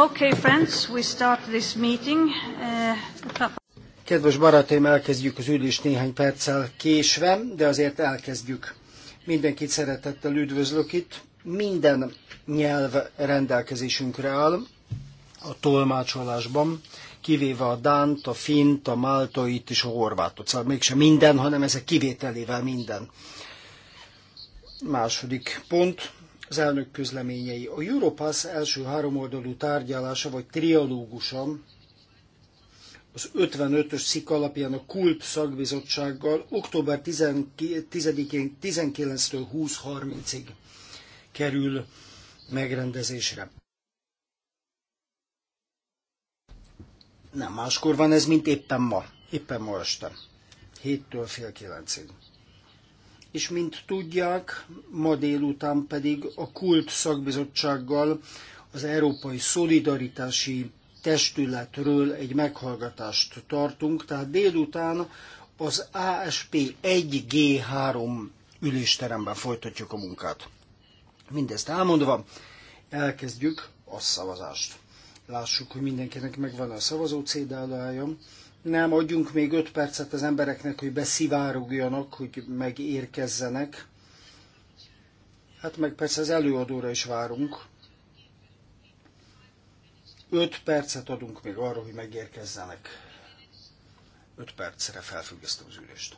Okay, friends, we start this meeting. Uh, Kedves barátaim, elkezdjük az ülést néhány perccel késve, de azért elkezdjük. Mindenkit szeretettel üdvözlök itt. Minden nyelv rendelkezésünkre áll a tolmácsolásban, kivéve a Dánt, a Fint, a Máltait és a Horvátot. Szóval mégsem minden, hanem ezek kivételével minden. Második pont az elnök közleményei. A Europass első háromoldalú tárgyalása vagy trialógusa az 55-ös szik alapján a KULP szakbizottsággal október 10-én 19-től 20-30-ig kerül megrendezésre. Nem máskor van ez, mint éppen ma. Éppen ma este. Héttől fél kilencig és mint tudják, ma délután pedig a Kult szakbizottsággal az Európai Szolidaritási Testületről egy meghallgatást tartunk, tehát délután az ASP 1G3 ülésteremben folytatjuk a munkát. Mindezt elmondva, elkezdjük a szavazást. Lássuk, hogy mindenkinek megvan a szavazó cédálája nem adjunk még öt percet az embereknek, hogy beszivárogjanak, hogy megérkezzenek. Hát meg persze az előadóra is várunk. Öt percet adunk még arra, hogy megérkezzenek. Öt percre felfüggesztem az ülést.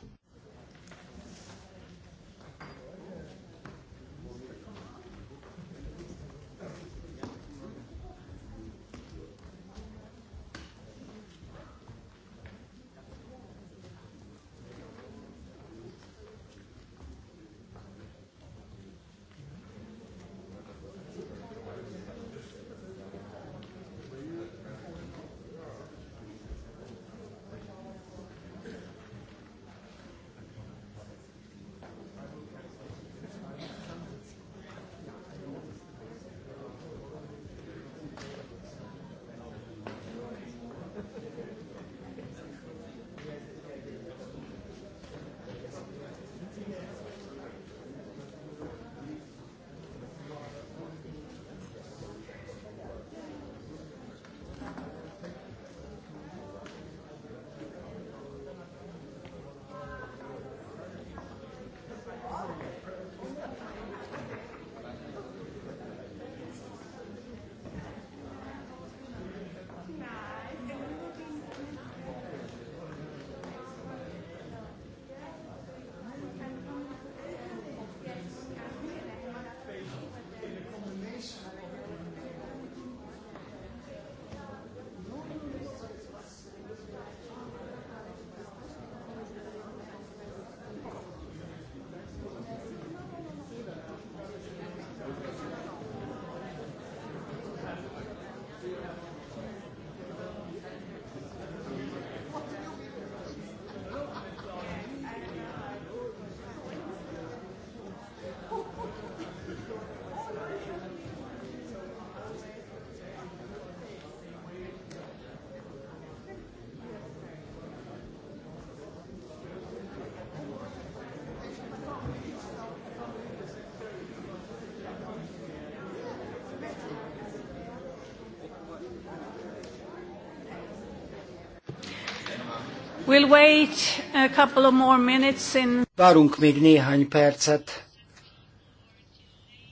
We'll wait a couple of more minutes in... Várunk még néhány percet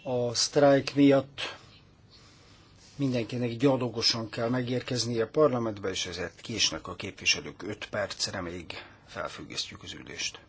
a sztrájk miatt. Mindenkinek gyalogosan kell megérkeznie a parlamentbe, és ezért késnek a képviselők 5 percre még felfüggesztjük az ülést.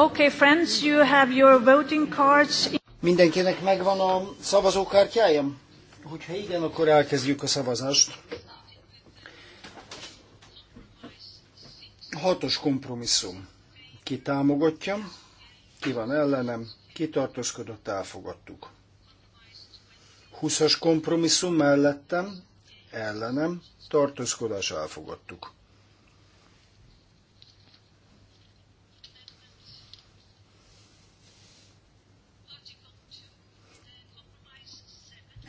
Okay, friends, you have your voting cards. Mindenkinek megvan a szavazókártyája? Hogyha igen, akkor elkezdjük a szavazást. Hatos kompromisszum. Ki támogatja, ki van ellenem, ki tartózkodott, elfogadtuk. Huszas kompromisszum mellettem, ellenem, tartózkodás elfogadtuk.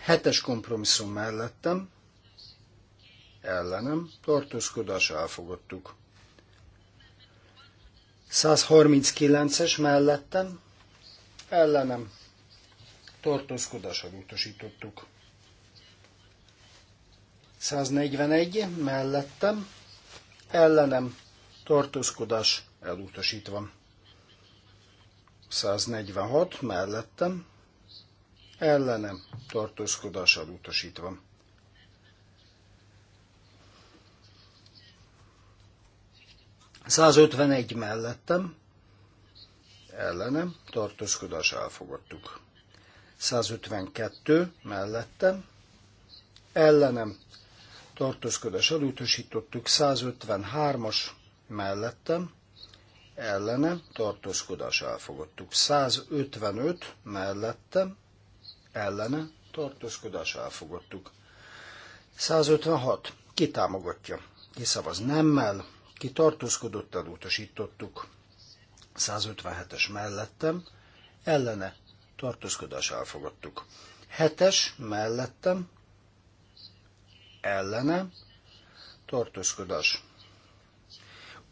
Hetes kompromisszum mellettem, ellenem, tartózkodás elfogadtuk. 139-es mellettem, ellenem, tartózkodással utasítottuk. 141 mellettem, ellenem, tartózkodás elutasítva. 146 mellettem, ellenem tartózkodással utasítva. 151 mellettem, ellenem tartózkodás elfogadtuk. 152 mellettem, ellenem tartózkodás elutasítottuk, 153-as mellettem, ellenem tartózkodás elfogadtuk, 155 mellettem, ellene tartózkodás elfogadtuk. 156. Ki támogatja? Ki szavaz nemmel? Ki tartózkodott elutasítottuk? 157-es mellettem, ellene tartózkodás elfogadtuk. 7-es mellettem, ellene tartózkodás.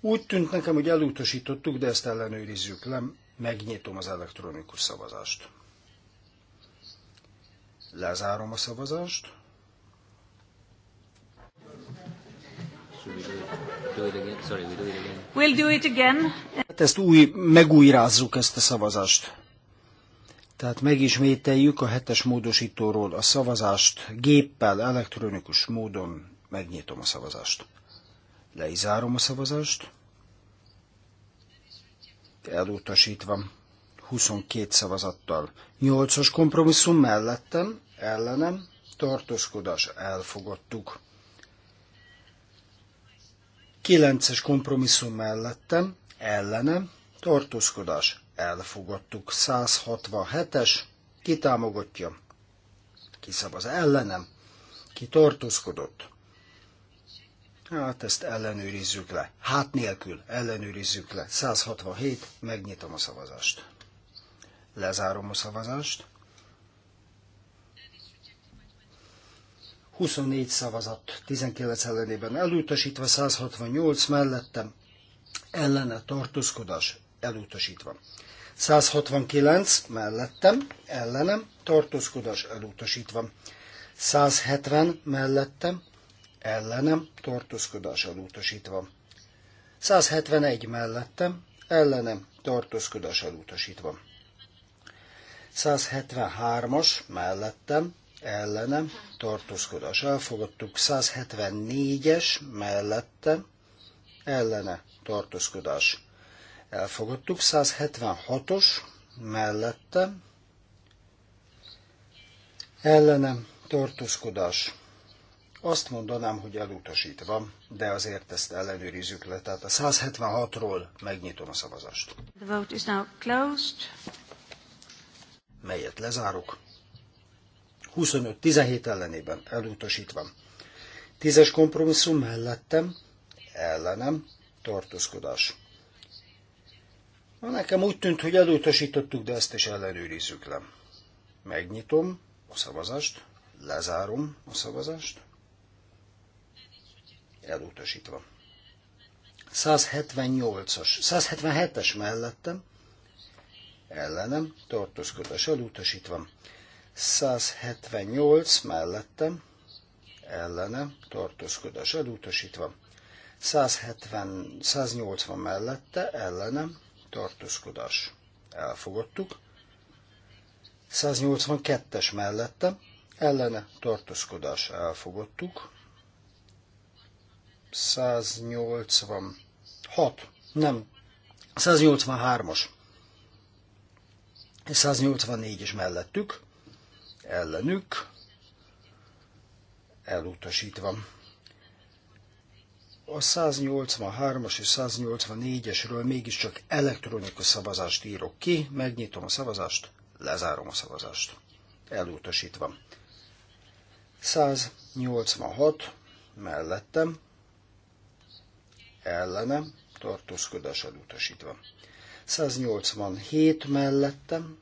Úgy tűnt nekem, hogy elutasítottuk, de ezt ellenőrizzük le. Megnyitom az elektronikus szavazást. Lezárom a szavazást. We'll do it again. Hát ezt új, megújrázzuk ezt a szavazást. Tehát megismételjük a hetes módosítóról a szavazást géppel, elektronikus módon megnyitom a szavazást. Leizárom a szavazást. Elutasítva. 22 szavazattal. 8-os kompromisszum mellettem, ellenem, tartózkodás elfogadtuk. 9-es kompromisszum mellettem, ellenem, tartózkodás elfogadtuk. 167-es, kitámogatja, kiszavaz ellenem, ki tartózkodott. Hát ezt ellenőrizzük le. Hát nélkül ellenőrizzük le. 167, megnyitom a szavazást. Lezárom a szavazást. 24 szavazat, 19 ellenében elutasítva, 168 mellettem, ellene tartózkodás elutasítva. 169 mellettem, ellenem, tartózkodás elutasítva. 170 mellettem, ellenem, tartózkodás elutasítva. 171 mellettem, ellenem, tartózkodás elutasítva. 173-as mellettem, ellenem, tartózkodás elfogadtuk, 174-es mellettem, ellene, tartózkodás elfogadtuk, 176-os mellettem, ellenem, tartózkodás azt mondanám, hogy elutasítva, de azért ezt ellenőrizzük le. Tehát a 176-ról megnyitom a szavazást. The vote is now closed melyet lezárok. 25-17 ellenében elutasítva. Tízes kompromisszum mellettem, ellenem, tartózkodás. Na, nekem úgy tűnt, hogy elutasítottuk, de ezt is ellenőrizzük le. Megnyitom a szavazást, lezárom a szavazást, elutasítva. 178-as, 177-es mellettem, ellenem, tartózkodás elutasítva. 178 mellettem, ellenem, tartózkodás elutasítva. 170, 180 mellette, ellenem, tartózkodás. Elfogadtuk. 182-es mellette, ellene, tartózkodás. Elfogadtuk. 186, nem, 183-as 184 is mellettük, ellenük, elutasítva. A 183-as és 184-esről mégiscsak elektronikus szavazást írok ki, megnyitom a szavazást, lezárom a szavazást. Elutasítva. 186 mellettem, ellenem, tartózkodás elutasítva. 187 mellettem,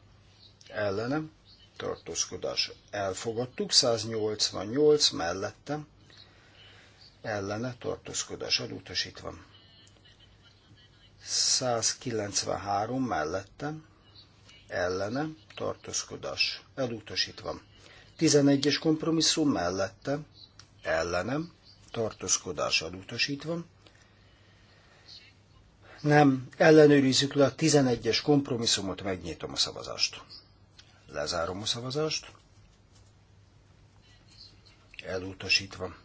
ellenem, tartózkodás elfogadtuk, 188 mellettem, ellene tartózkodás elutasítva. 193 mellettem, ellene tartózkodás elutasítva. 11-es kompromisszum mellette, ellenem tartózkodás elutasítva. Nem, ellenőrizzük le a 11-es kompromisszumot, megnyitom a szavazást. Lezárom a szavazást. Elutasítva.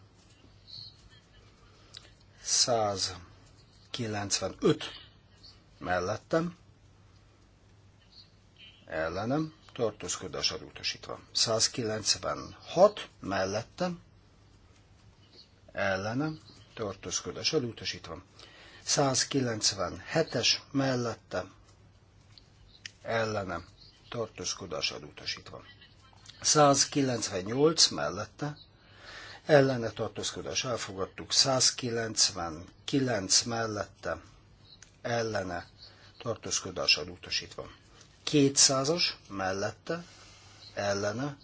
195 mellettem, ellenem, tartózkodás elutasítva. 196 mellettem, ellenem, tartózkodás elutasítva. 197-es mellette ellene tartózkodás elutasítva. 198 mellette ellene tartózkodás elfogadtuk, 199 mellette ellene tartózkodás elutasítva. 200-as mellette ellene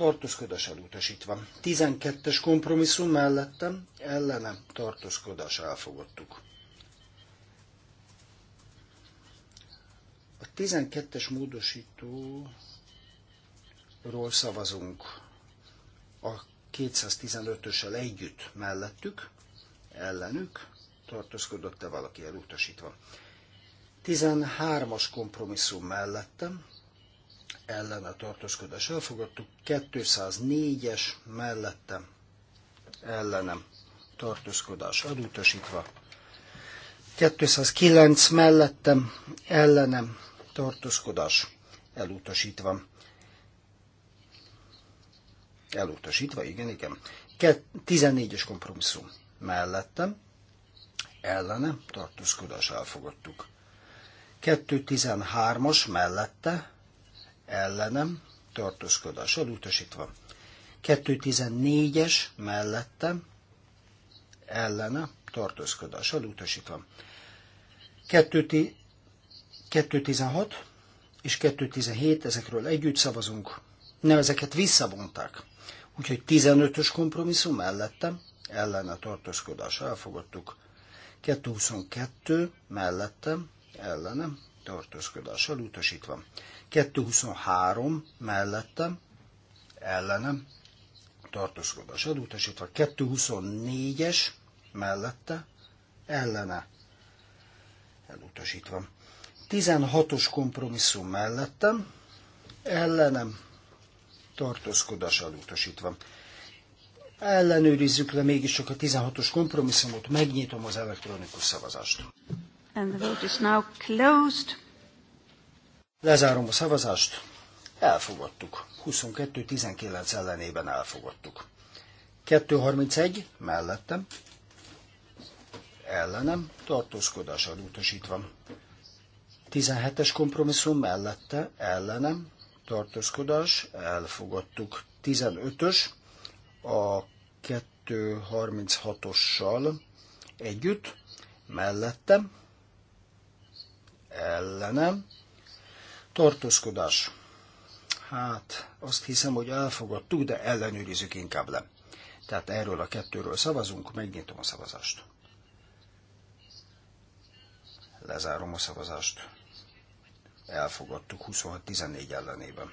tartózkodás elutasítva. 12-es kompromisszum mellettem, ellenem tartózkodás elfogadtuk. A 12-es módosítóról szavazunk a 215-ösel együtt mellettük, ellenük, tartózkodott-e valaki elutasítva. 13-as kompromisszum mellettem, ellene tartózkodás elfogadtuk, 204-es mellettem ellenem tartózkodás elutasítva, 209 mellettem ellenem tartózkodás elutasítva. Elutasítva, igen, igen. 14-es kompromisszum mellettem, ellenem tartózkodás elfogadtuk. 2.13-as mellette, ellenem, tartózkodás elutasítva. 214-es mellettem, ellene, tartózkodás elutasítva. 216 és 217, ezekről együtt szavazunk. Nem, ezeket visszavonták. Úgyhogy 15-ös kompromisszum mellettem, ellene tartózkodás elfogadtuk. 222 mellettem, ellenem tartózkodás elutasítva. 223 mellettem, ellenem, tartózkodás elutasítva, 224-es mellette, ellene, elutasítva. 16-os kompromisszum mellettem, ellenem, tartózkodás elutasítva. Ellenőrizzük le mégiscsak a 16-os kompromisszumot, megnyitom az elektronikus szavazást. And the vote is now closed. Lezárom a szavazást. Elfogadtuk. 22-19 ellenében elfogadtuk. 231 mellettem. Ellenem tartózkodással utasítva. 17-es kompromisszum mellette ellenem tartózkodás elfogadtuk. 15-ös a 236-ossal együtt mellettem ellenem Tartózkodás. Hát, azt hiszem, hogy elfogadtuk, de ellenőrizzük inkább le. Tehát erről a kettőről szavazunk, megnyitom a szavazást. Lezárom a szavazást. Elfogadtuk 26-14 ellenében.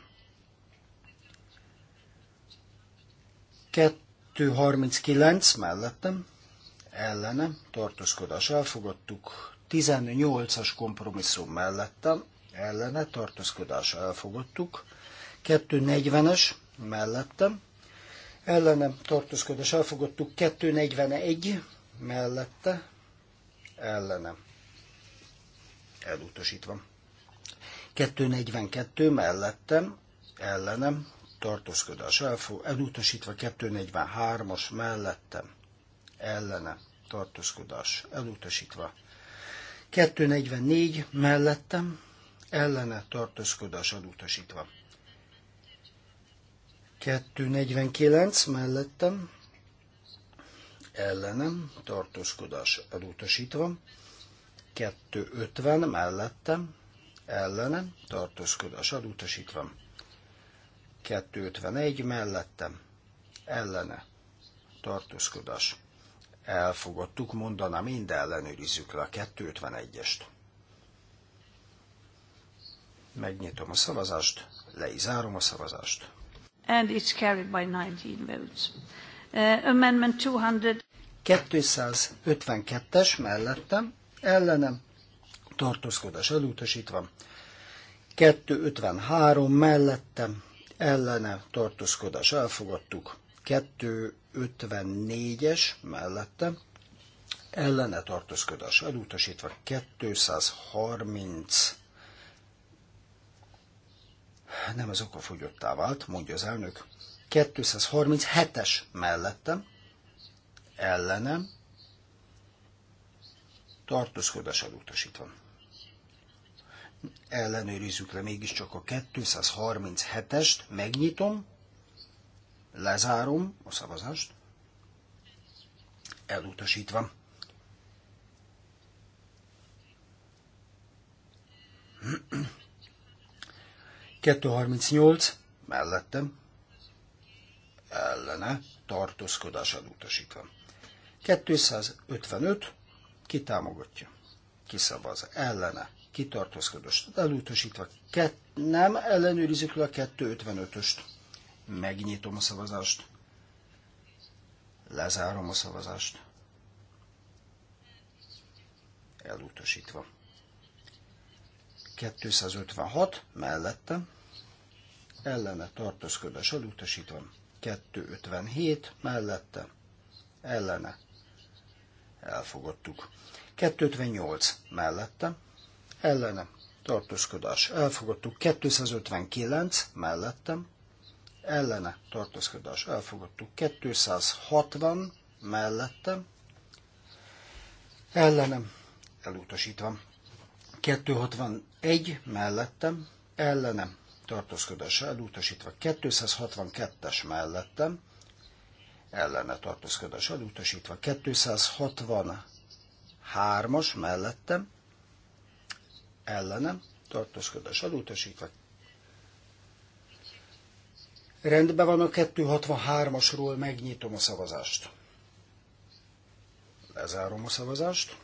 2.39 mellettem, ellenem, tartózkodás elfogadtuk, 18-as kompromisszum mellettem, ellene tartózkodása elfogadtuk, 240-es mellettem, ellene tartózkodás elfogadtuk, 241 mellette, ellene elutasítva. 242 mellettem, ellenem, tartózkodás elutasítva 243-as mellettem, ellene, tartózkodás elutasítva. 244 mellettem, ellene tartózkodás elutasítva. 249 mellettem ellenem tartózkodás elutasítva. 250 mellettem ellenem tartózkodás elutasítva. 251 mellettem ellene tartózkodás. Elfogadtuk, mondanám, mind ellenőrizzük le a 251-est. Megnyitom a szavazást, le is zárom a szavazást. And it's carried by 19 votes. Uh, amendment 200... 252-es mellettem, ellenem, tartózkodás elutasítva. 253 mellettem, ellene tartózkodás elfogadtuk. 254-es mellettem, ellene tartózkodás elutasítva 230 nem az fogyottá vált, mondja az elnök. 237-es mellettem, ellenem, tartózkodás elutasítva. Ellenőrizzük le mégiscsak a 237-est, megnyitom, lezárom a szavazást, elutasítva. 238 mellettem, ellene, tartózkodás utasítva. 255 kitámogatja, kiszavaz, ellene, Kitartózkodást elutasítva. Ket, nem ellenőrizik le a 255-öst. Megnyitom a szavazást. Lezárom a szavazást. Elutasítva. 256 mellettem, ellene tartózkodás elutasítva, 257 mellette ellene elfogadtuk. 258 mellette ellene tartózkodás elfogadtuk. 259 mellettem ellene tartózkodás elfogadtuk. 260 mellettem ellenem elutasítva. 261 mellettem ellenem tartózkodás elutasítva, 262-es mellettem, ellene tartózkodás elutasítva, 263-as mellettem, ellenem tartózkodás elutasítva. Rendben van a 263-asról, megnyitom a szavazást. Lezárom a szavazást.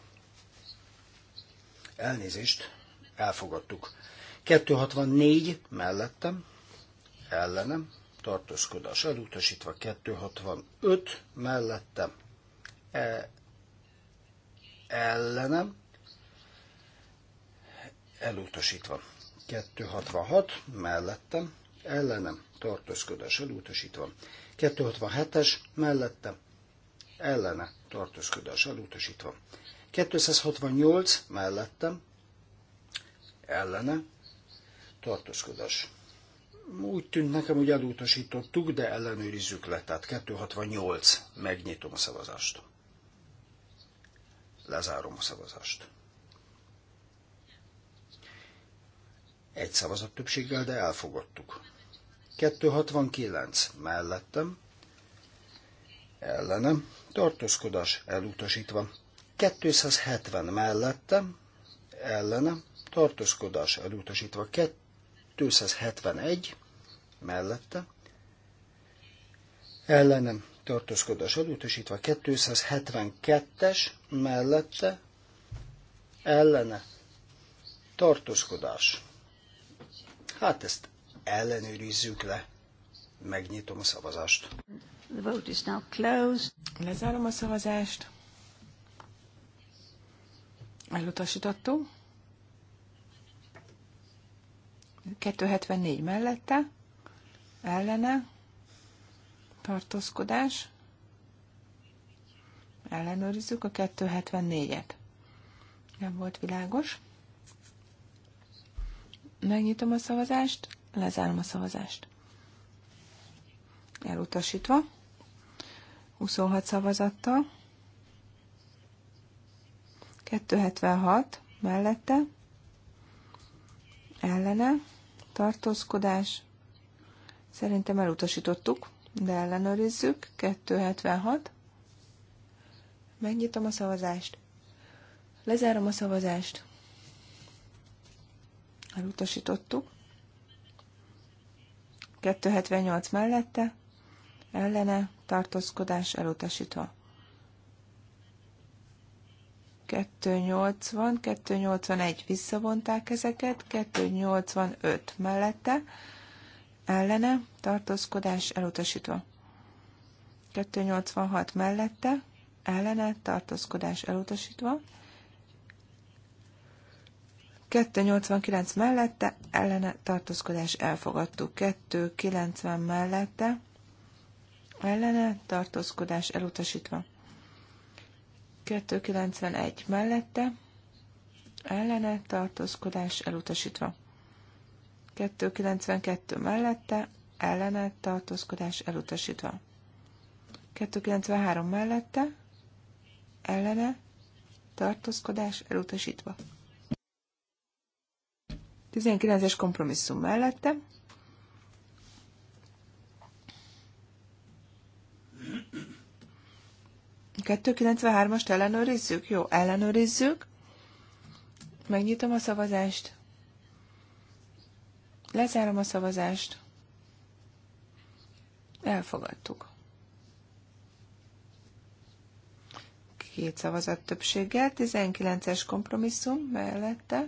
Elnézést, elfogadtuk. 264 mellettem, ellenem, tartózkodás elutasítva, 265 mellettem, e, ellenem, elutasítva, 266 mellettem, ellenem, tartózkodás elutasítva, 267-es mellettem, ellene, tartózkodás elutasítva, 268 mellettem, ellene, tartózkodás. Úgy tűnt nekem, hogy elutasítottuk, de ellenőrizzük le. Tehát 268. Megnyitom a szavazást. Lezárom a szavazást. Egy szavazat többséggel, de elfogadtuk. 269. Mellettem. Ellenem. Tartózkodás elutasítva. 270 mellettem, ellenem, tartózkodás elutasítva, 271 mellette, ellenem tartózkodás elutasítva, 272-es mellette, ellene tartózkodás. Hát ezt ellenőrizzük le. Megnyitom a szavazást. The vote is now closed. Lezárom a szavazást. Elutasítottuk. 274 mellette, ellene, tartózkodás, ellenőrizzük a 274-et. Nem volt világos. Megnyitom a szavazást, lezárom a szavazást. Elutasítva. 26 szavazattal. 276 mellette. Ellene tartózkodás. Szerintem elutasítottuk, de ellenőrizzük. 276. Megnyitom a szavazást. Lezárom a szavazást. Elutasítottuk. 278 mellette, ellene, tartózkodás elutasítva. 280, 281 visszavonták ezeket, 285 mellette, ellene, tartózkodás elutasítva. 286 mellette, ellene, tartózkodás elutasítva. 289 mellette, ellene, tartózkodás elfogadtuk. 290 mellette, ellene, tartózkodás elutasítva. 291 mellette, ellene tartózkodás elutasítva. 292 mellette, ellene tartózkodás elutasítva. 293 mellette, ellene tartózkodás elutasítva. 19-es kompromisszum mellette, 293-ast ellenőrizzük? Jó, ellenőrizzük. Megnyitom a szavazást. Lezárom a szavazást. Elfogadtuk. Két szavazat többséggel, 19-es kompromisszum mellette,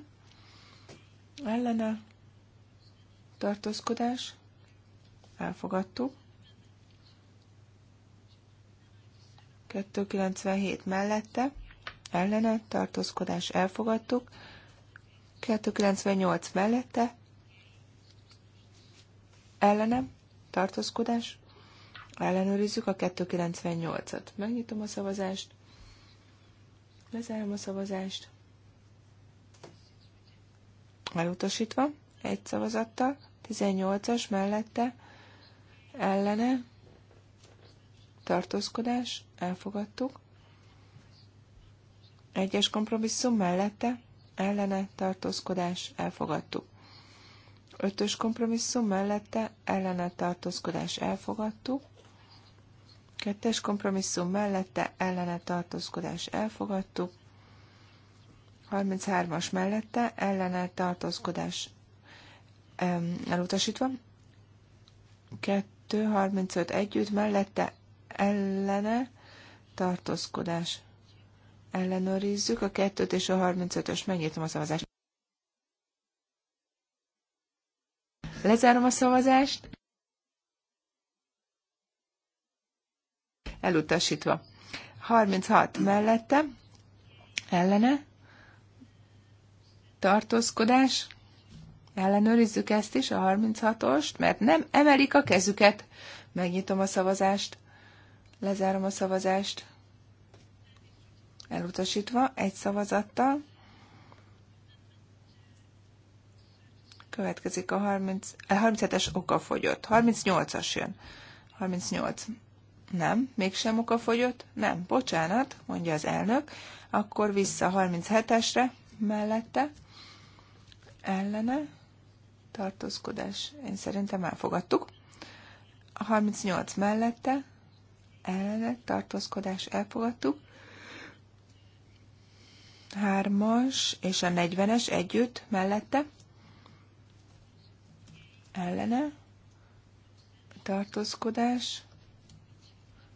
ellene, tartózkodás, elfogadtuk. 297 mellette, ellene, tartózkodás elfogadtuk, 298 mellette, ellene, tartózkodás, ellenőrizzük a 298-at. Megnyitom a szavazást, lezárom a szavazást, elutasítva, egy szavazattal, 18-as mellette, ellene, tartózkodás, elfogadtuk. Egyes kompromisszum mellette, ellene tartózkodás, elfogadtuk. Ötös kompromisszum mellette, ellene tartózkodás, elfogadtuk. Kettes kompromisszum mellette, ellene tartózkodás, elfogadtuk. 33-as mellette, ellene tartózkodás, elutasítva. 2, 35 együtt, mellette ellene tartózkodás. Ellenőrizzük a 2 és a 35-ös. Megnyitom a szavazást. Lezárom a szavazást. Elutasítva. 36 mellette, ellene, tartózkodás, ellenőrizzük ezt is, a 36-ost, mert nem emelik a kezüket. Megnyitom a szavazást. Lezárom a szavazást. Elutasítva egy szavazattal. Következik a 30, 37-es eh, okafogyott. 38-as jön. 38. Nem, mégsem okafogyott. Nem, bocsánat, mondja az elnök. Akkor vissza 37-esre, mellette, ellene, tartózkodás. Én szerintem elfogadtuk. A 38 mellette, ellenet, tartózkodás elfogadtuk. Hármas és a negyvenes együtt mellette ellene tartózkodás.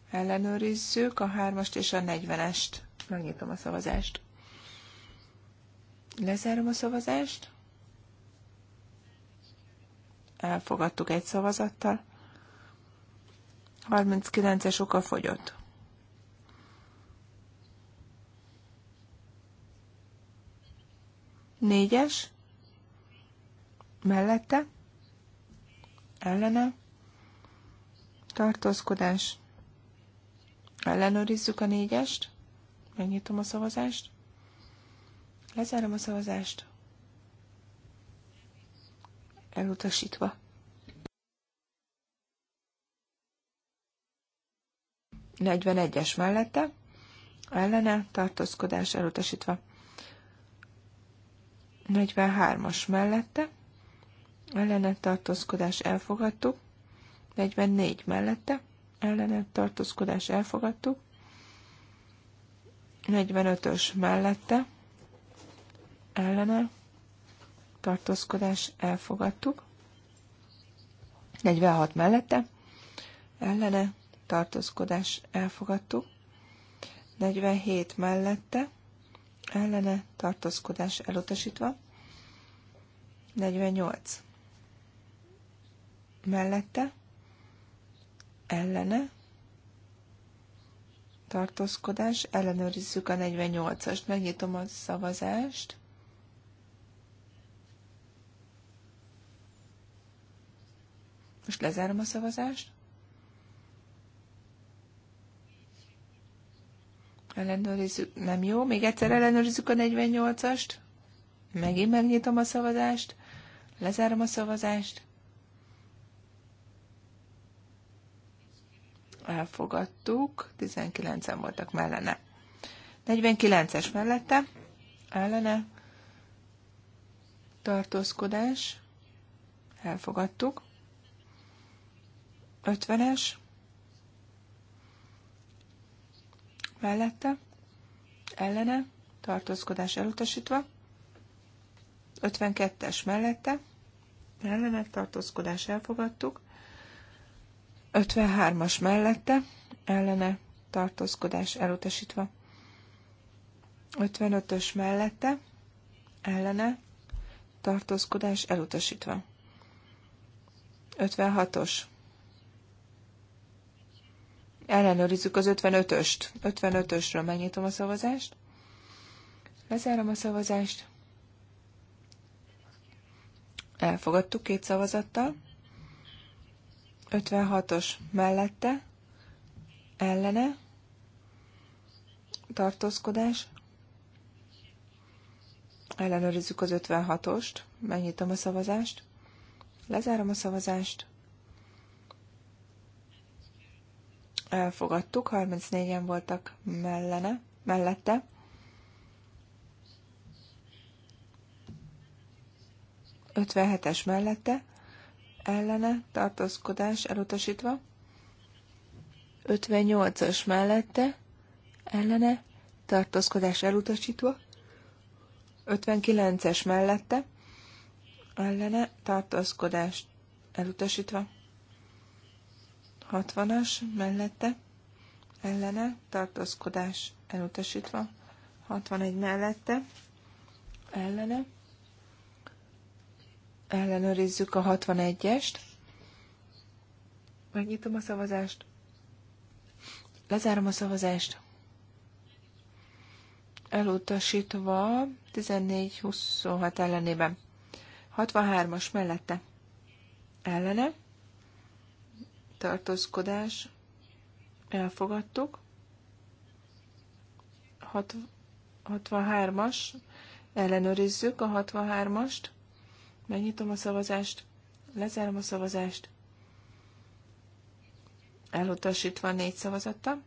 Ellenőrizzük a hármast és a negyvenest Megnyitom a szavazást. Lezárom a szavazást. Elfogadtuk egy szavazattal. 39-es oka fogyott. Négyes. Mellette. Ellene. Tartózkodás. Ellenőrizzük a négyest. Megnyitom a szavazást. Lezárom a szavazást. Elutasítva. 41-es mellette, ellene tartózkodás elutasítva. 43-as mellette, ellene tartózkodás elfogadtuk. 44 mellette, ellene tartózkodás elfogadtuk. 45-ös mellette, ellene tartózkodás elfogadtuk. 46 mellette, ellene tartózkodás elfogadtuk, 47 mellette, ellene tartózkodás elutasítva, 48 mellette, ellene tartózkodás, ellenőrizzük a 48-ast, megnyitom a szavazást, most lezárom a szavazást. Ellenőrizzük. Nem jó. Még egyszer ellenőrizzük a 48-ast. Megint megnyitom a szavazást. Lezárom a szavazást. Elfogadtuk. 19-en voltak mellene. 49-es mellette. Ellene. Tartózkodás. Elfogadtuk. 50-es mellette, ellene, tartózkodás elutasítva, 52-es mellette, ellene, tartózkodás elfogadtuk, 53-as mellette, ellene, tartózkodás elutasítva, 55-ös mellette, ellene, tartózkodás elutasítva. 56-os Ellenőrizzük az 55-öst. 55-ösről megnyitom a szavazást. Lezárom a szavazást. Elfogadtuk két szavazattal. 56-os mellette, ellene, tartózkodás. Ellenőrizzük az 56-ost, megnyitom a szavazást, lezárom a szavazást, elfogadtuk, 34-en voltak mellene, mellette. es mellette, ellene, tartózkodás elutasítva. 58-as mellette, ellene, tartózkodás elutasítva. 59-es mellette, ellene, tartózkodás elutasítva. 60-as mellette ellene tartózkodás elutasítva, 61 mellette ellene ellenőrizzük a 61-est, megnyitom a szavazást, lezárom a szavazást, elutasítva 14-26 ellenében, 63-as mellette ellene, tartózkodás elfogadtuk. 63-as, ellenőrizzük a 63-ast, megnyitom a szavazást, lezárom a szavazást, elutasítva négy szavazata.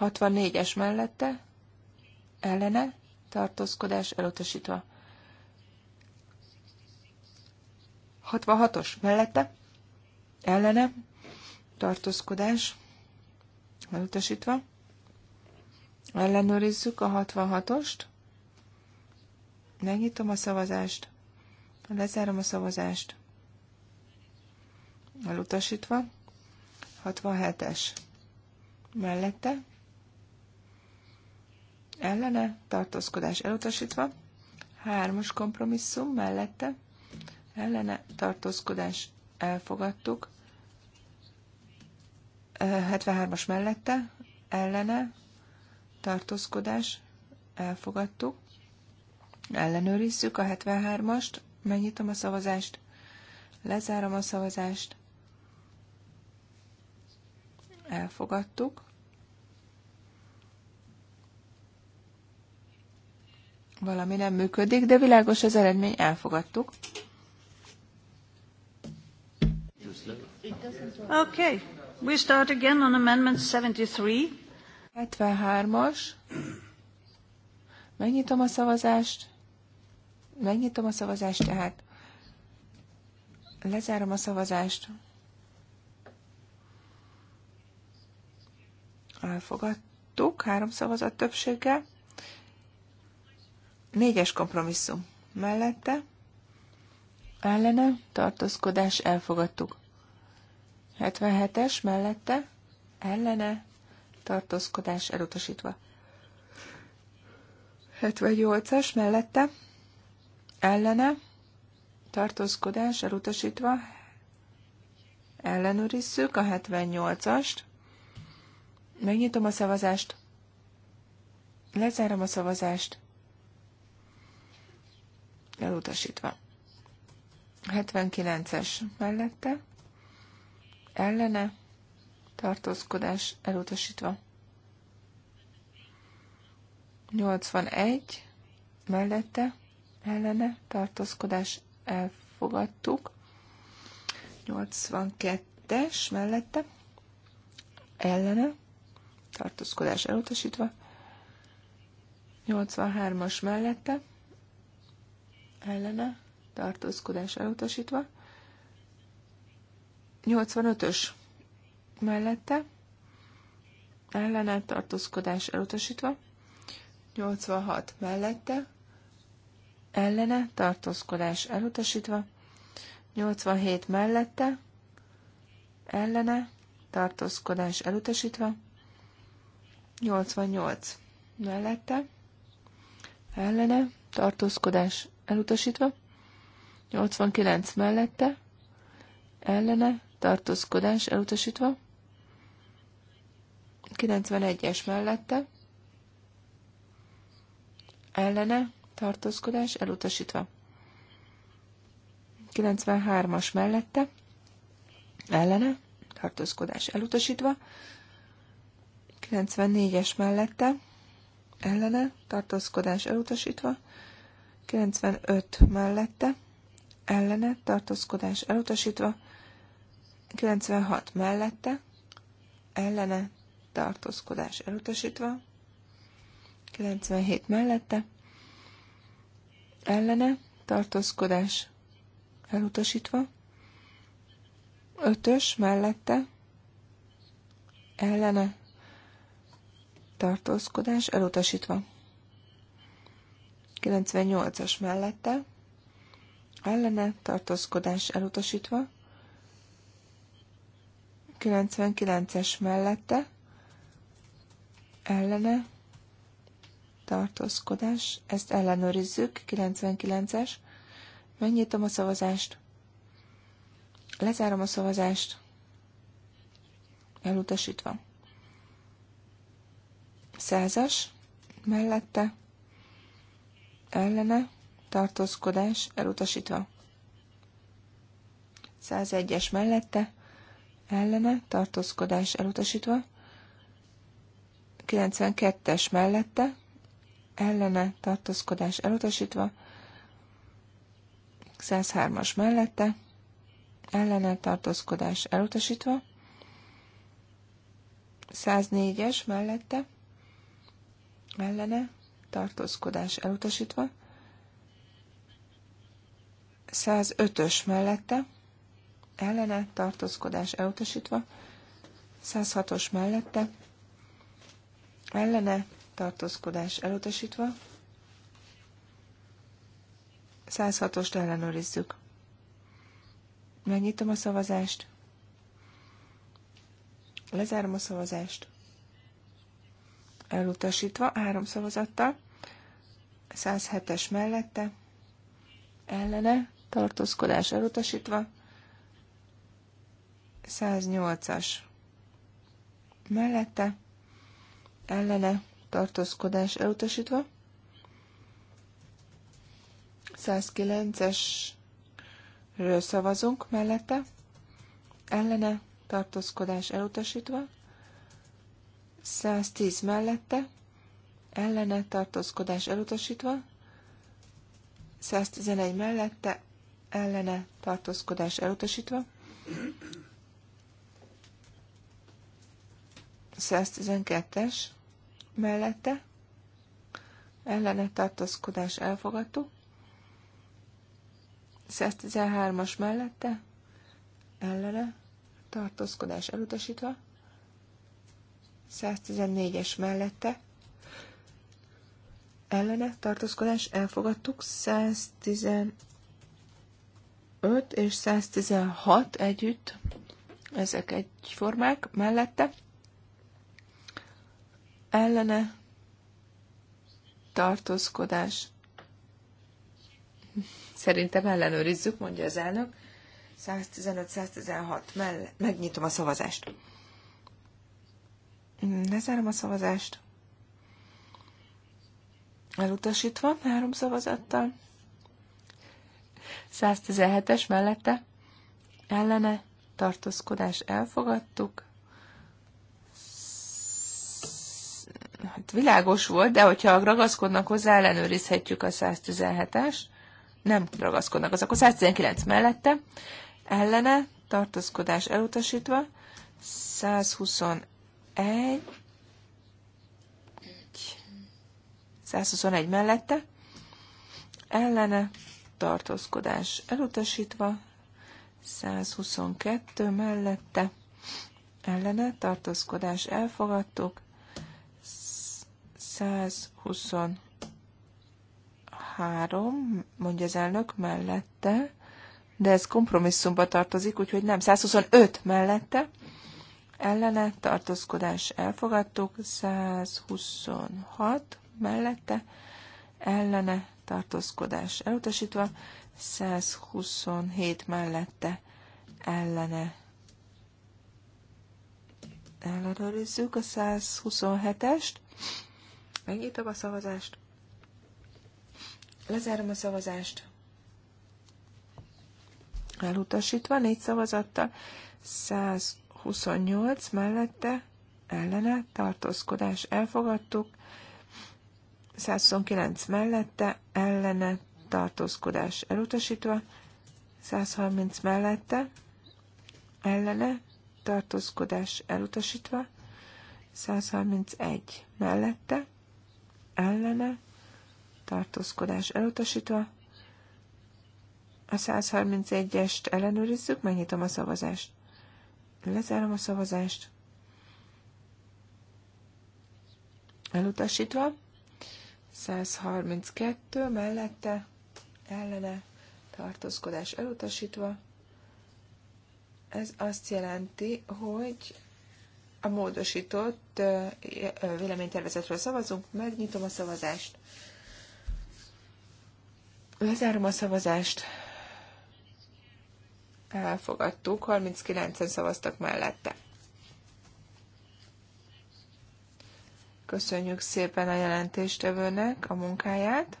64-es mellette, ellene, tartózkodás elutasítva. 66-os mellette, ellene, tartózkodás, elutasítva. Ellenőrizzük a 66-ost. Megnyitom a szavazást. Lezárom a szavazást. Elutasítva. 67-es. Mellette. Ellene. Tartózkodás elutasítva. Hármas kompromisszum mellette ellene tartózkodás elfogadtuk. 73-as mellette ellene tartózkodás elfogadtuk. Ellenőrizzük a 73-ast, megnyitom a szavazást, lezárom a szavazást, elfogadtuk. Valami nem működik, de világos az eredmény, elfogadtuk. Okay. We start again on amendment 73. 73-as. Megnyitom a szavazást. Megnyitom a szavazást, tehát lezárom a szavazást. Elfogadtuk három szavazat többséggel. Négyes kompromisszum mellette. Ellene tartózkodás elfogadtuk. 77-es mellette ellene tartózkodás elutasítva. 78-as mellette ellene tartózkodás elutasítva. Ellenőrizzük a 78-ast. Megnyitom a szavazást. Lezárom a szavazást. Elutasítva. 79-es mellette ellene tartózkodás elutasítva. 81 mellette ellene tartózkodás elfogadtuk. 82-es mellette ellene tartózkodás elutasítva. 83-as mellette ellene tartózkodás elutasítva. 85-ös mellette ellenet tartózkodás elutasítva, 86 mellette ellene tartózkodás elutasítva, 87 mellette ellene tartózkodás elutasítva, 88 mellette ellene tartózkodás elutasítva, 89 mellette ellene tartózkodás elutasítva. 91-es mellette ellene tartózkodás elutasítva. 93-as mellette ellene tartózkodás elutasítva. 94-es mellette ellene tartózkodás elutasítva. 95 mellette ellene tartózkodás elutasítva. 96 mellette, ellene tartózkodás elutasítva, 97 mellette, ellene tartózkodás elutasítva, 5-ös mellette, ellene tartózkodás elutasítva, 98-as mellette, ellene tartózkodás elutasítva, 99-es mellette ellene tartózkodás, ezt ellenőrizzük, 99-es. Megnyitom a szavazást. Lezárom a szavazást. Elutasítva. Százas mellette ellene tartózkodás elutasítva. 101-es mellette ellene, tartózkodás elutasítva, 92-es mellette, ellene, tartózkodás elutasítva, 103-as mellette, ellene, tartózkodás elutasítva, 104-es mellette, ellene, tartózkodás elutasítva, 105-ös mellette, ellene tartózkodás elutasítva, 106-os mellette ellene tartózkodás elutasítva, 106-ost ellenőrizzük. Megnyitom a szavazást. Lezárom a szavazást. Elutasítva három szavazattal. 107-es mellette. Ellene. Tartózkodás elutasítva. 108-as mellette ellene tartózkodás elutasítva, 109-esről szavazunk mellette, ellene tartózkodás elutasítva, 110 mellette, ellene tartózkodás elutasítva, 111 mellette, ellene tartózkodás elutasítva, 112-es mellette ellene tartózkodás elfogadó, 113-as mellette ellene tartózkodás elutasítva. 114-es mellette ellene tartózkodás elfogadtuk. 115 és 116 együtt ezek egyformák mellette ellene tartózkodás. Szerintem ellenőrizzük, mondja az elnök. 115-116 mellett megnyitom a szavazást. Lezárom a szavazást. Elutasítva három szavazattal. 117-es mellette ellene tartózkodás elfogadtuk. Hát világos volt, de hogyha ragaszkodnak hozzá, ellenőrizhetjük a 117-es. Nem ragaszkodnak, az akkor 119 mellette. Ellene, tartózkodás elutasítva, 121, 121 mellette. Ellene, tartózkodás elutasítva, 122 mellette. Ellene, tartózkodás elfogadtuk, 123, mondja az elnök, mellette, de ez kompromisszumba tartozik, úgyhogy nem. 125 mellette, ellene, tartózkodás elfogadtuk, 126 mellette, ellene, tartózkodás elutasítva, 127 mellette, ellene, ellenőrizzük a 127-est. Megnyitom a szavazást. Lezárom a szavazást. Elutasítva négy szavazattal, 128 mellette, ellene, tartózkodás elfogadtuk, 129 mellette, ellene, tartózkodás elutasítva, 130 mellette, ellene, tartózkodás elutasítva, 131 mellette, ellene, tartózkodás elutasítva. A 131-est ellenőrizzük, megnyitom a szavazást. Lezárom a szavazást. Elutasítva. 132 mellette, ellene, tartózkodás elutasítva. Ez azt jelenti, hogy a módosított véleménytervezetről szavazunk, megnyitom a szavazást. Lezárom a szavazást. Elfogadtuk, 39-en szavaztak mellette. Köszönjük szépen a jelentéstevőnek a munkáját.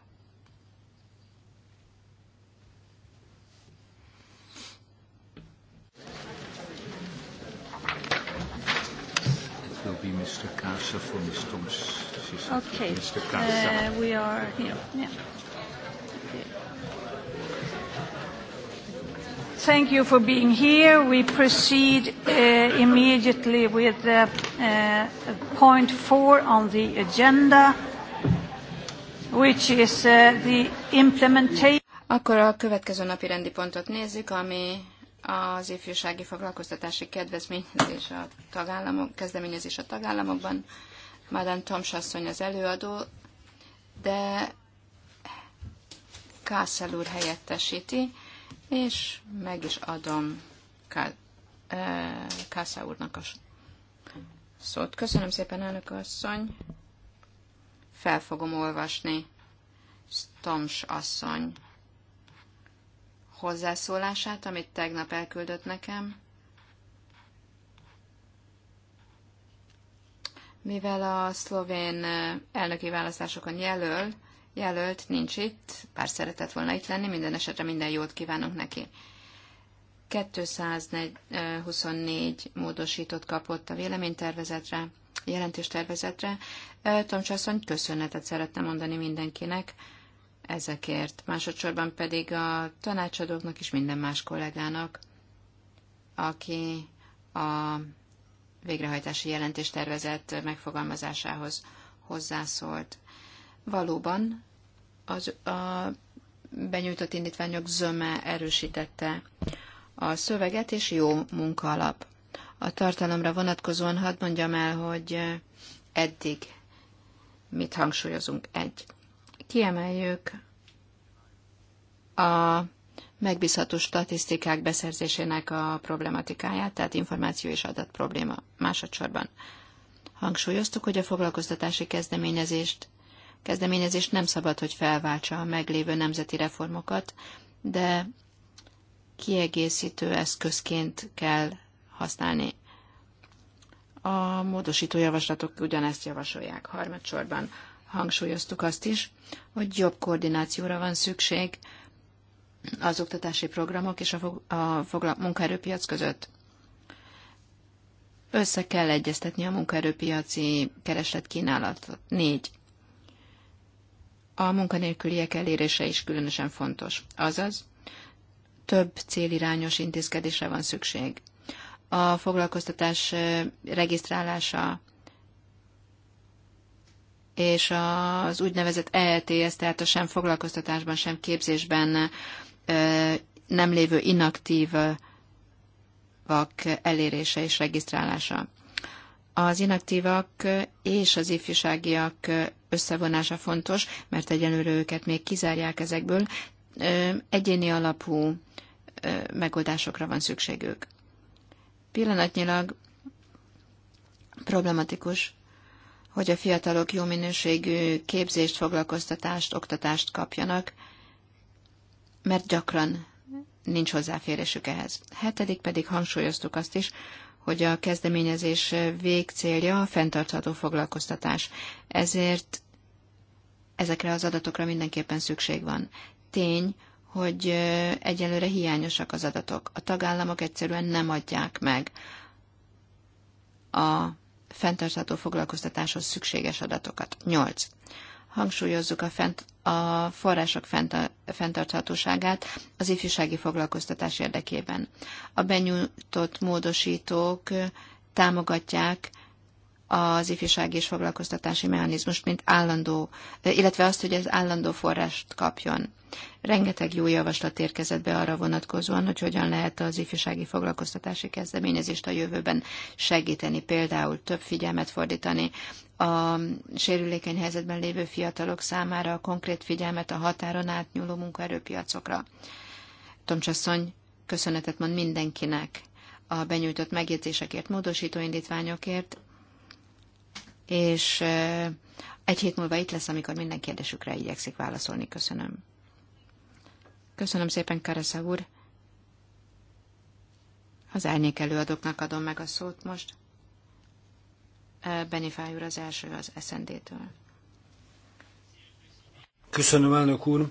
Mr. Casa Okay. Mr. Casa. Uh, we are here. Yeah. Thank you for being here. We proceed uh, immediately with uh, uh, point four on the agenda, which is uh, the implementation. Akkor a következő napi rendi pontot nézzük, ami az ifjúsági foglalkoztatási kedvezményezés a tagállamok, kezdeményezés a tagállamokban. Madame Toms asszony az előadó, de Kászel úr helyettesíti, és meg is adom Kászel eh, úrnak a szót. Köszönöm szépen, elnök asszony. Fel fogom olvasni. Toms asszony hozzászólását, amit tegnap elküldött nekem. Mivel a szlovén elnöki választásokon jelöl, jelölt nincs itt, pár szeretett volna itt lenni, minden esetre minden jót kívánunk neki. 224 módosított kapott a véleménytervezetre, jelentéstervezetre. Tomcsasszony, köszönetet szeretne mondani mindenkinek, ezekért. Másodszorban pedig a tanácsadóknak és minden más kollégának, aki a végrehajtási jelentés tervezett megfogalmazásához hozzászólt. Valóban az, a benyújtott indítványok zöme erősítette a szöveget, és jó munka alap. A tartalomra vonatkozóan hadd mondjam el, hogy eddig mit hangsúlyozunk. Egy kiemeljük a megbízható statisztikák beszerzésének a problematikáját, tehát információ és adat probléma másodszorban. Hangsúlyoztuk, hogy a foglalkoztatási kezdeményezést kezdeményezés nem szabad, hogy felváltsa a meglévő nemzeti reformokat, de kiegészítő eszközként kell használni. A módosító javaslatok ugyanezt javasolják harmadsorban hangsúlyoztuk azt is, hogy jobb koordinációra van szükség az oktatási programok és a, a fogla- munkaerőpiac között. Össze kell egyeztetni a munkaerőpiaci keresletkínálatot. Négy. A munkanélküliek elérése is különösen fontos. Azaz, több célirányos intézkedésre van szükség. A foglalkoztatás eh, regisztrálása és az úgynevezett EETS, tehát a sem foglalkoztatásban, sem képzésben nem lévő inaktívak elérése és regisztrálása. Az inaktívak és az ifjúságiak összevonása fontos, mert egyelőre őket még kizárják ezekből. Egyéni alapú megoldásokra van szükségük. Pillanatnyilag problematikus hogy a fiatalok jó minőségű képzést, foglalkoztatást, oktatást kapjanak, mert gyakran nincs hozzáférésük ehhez. Hetedik pedig hangsúlyoztuk azt is, hogy a kezdeményezés végcélja a fenntartható foglalkoztatás. Ezért ezekre az adatokra mindenképpen szükség van. Tény, hogy egyelőre hiányosak az adatok. A tagállamok egyszerűen nem adják meg a fenntartható foglalkoztatáshoz szükséges adatokat. 8. Hangsúlyozzuk a, fent, a források fent, fenntarthatóságát az ifjúsági foglalkoztatás érdekében. A benyújtott módosítók támogatják az ifjúsági és foglalkoztatási mechanizmust, mint állandó, illetve azt, hogy ez állandó forrást kapjon. Rengeteg jó javaslat érkezett be arra vonatkozóan, hogy hogyan lehet az ifjúsági foglalkoztatási kezdeményezést a jövőben segíteni, például több figyelmet fordítani a sérülékeny helyzetben lévő fiatalok számára, a konkrét figyelmet a határon átnyúló munkaerőpiacokra. Tomcsasszony köszönetet mond mindenkinek a benyújtott megjegyzésekért, módosító indítványokért, és egy hét múlva itt lesz, amikor minden kérdésükre igyekszik válaszolni. Köszönöm. Köszönöm szépen, Karesza úr. Az árnyék előadóknak adom meg a szót most. Benifáj úr az első az eszendétől. Köszönöm, elnök úr.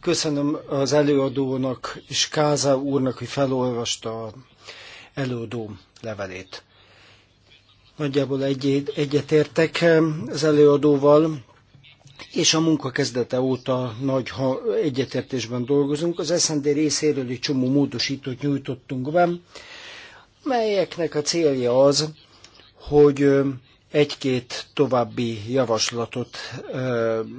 Köszönöm az előadónak és Káza úrnak, hogy felolvasta a előadó levelét. Nagyjából egyet egyetértek az előadóval, és a munka kezdete óta nagy ha egyetértésben dolgozunk. Az SZND részéről egy csomó módosítót nyújtottunk be, melyeknek a célja az, hogy egy-két további javaslatot,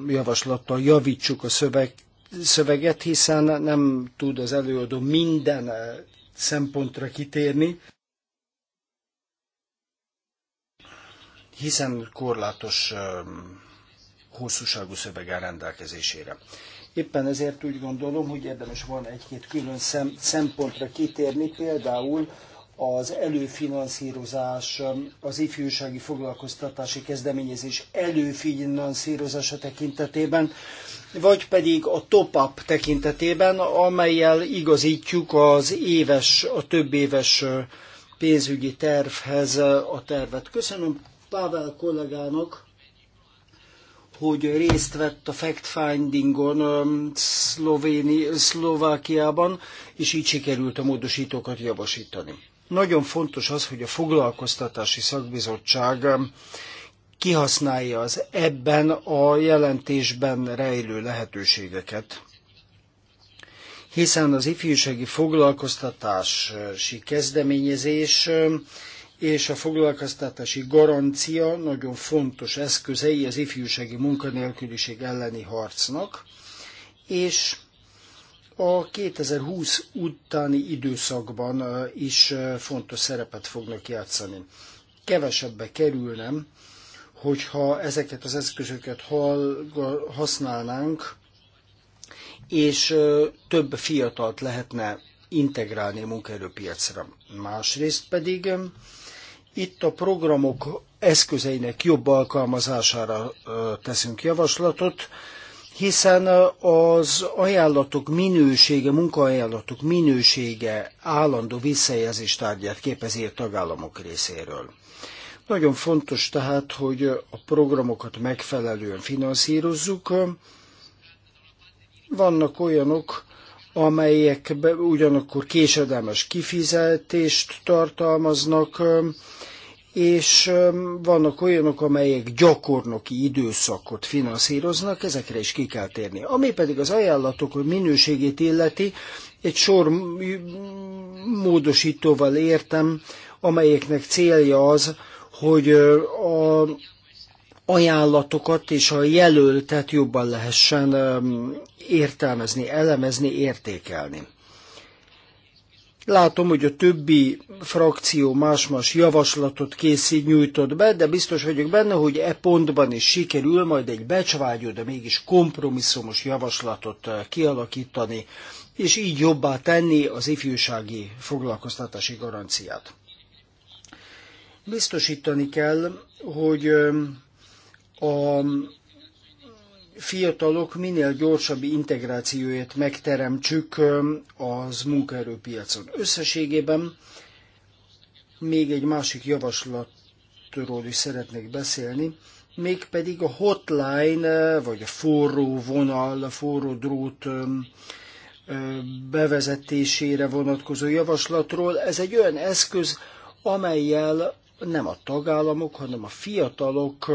javaslattal javítsuk a szöveg, szöveget, hiszen nem tud az előadó minden szempontra kitérni, hiszen korlátos hosszúságú szöveg áll rendelkezésére. Éppen ezért úgy gondolom, hogy érdemes van egy-két külön szem, szempontra kitérni, például az előfinanszírozás, az ifjúsági foglalkoztatási kezdeményezés előfinanszírozása tekintetében, vagy pedig a top-up tekintetében, amelyel igazítjuk az éves, a több éves pénzügyi tervhez a tervet. Köszönöm Pável kollégának, hogy részt vett a fact-findingon Szlovákiában, és így sikerült a módosítókat javasítani. Nagyon fontos az, hogy a foglalkoztatási szakbizottság kihasználja az ebben a jelentésben rejlő lehetőségeket, hiszen az ifjúsági foglalkoztatási kezdeményezés és a foglalkoztatási garancia nagyon fontos eszközei az ifjúsági munkanélküliség elleni harcnak, és a 2020 utáni időszakban is fontos szerepet fognak játszani. Kevesebbe kerülnem, hogyha ezeket az eszközöket használnánk, és több fiatalt lehetne integrálni a munkaerőpiacra. Másrészt pedig itt a programok eszközeinek jobb alkalmazására teszünk javaslatot, hiszen az ajánlatok minősége, munkaajánlatok minősége állandó visszajelzés tárgyát képezi a tagállamok részéről. Nagyon fontos tehát, hogy a programokat megfelelően finanszírozzuk. Vannak olyanok, amelyek ugyanakkor késedelmes kifizetést tartalmaznak, és vannak olyanok, amelyek gyakornoki időszakot finanszíroznak, ezekre is ki kell térni. Ami pedig az ajánlatok hogy minőségét illeti, egy sor módosítóval értem, amelyeknek célja az, hogy a ajánlatokat és a jelöltet jobban lehessen értelmezni, elemezni, értékelni. Látom, hogy a többi frakció más-más javaslatot készít, nyújtott be, de biztos vagyok benne, hogy e pontban is sikerül majd egy becsvágyó, de mégis kompromisszumos javaslatot eh, kialakítani, és így jobbá tenni az ifjúsági foglalkoztatási garanciát. Biztosítani kell, hogy eh, a fiatalok minél gyorsabb integrációját megteremtsük az munkaerőpiacon. Összességében még egy másik javaslatról is szeretnék beszélni, mégpedig a hotline, vagy a forró vonal, a forró drót bevezetésére vonatkozó javaslatról. Ez egy olyan eszköz, amelyel nem a tagállamok, hanem a fiatalok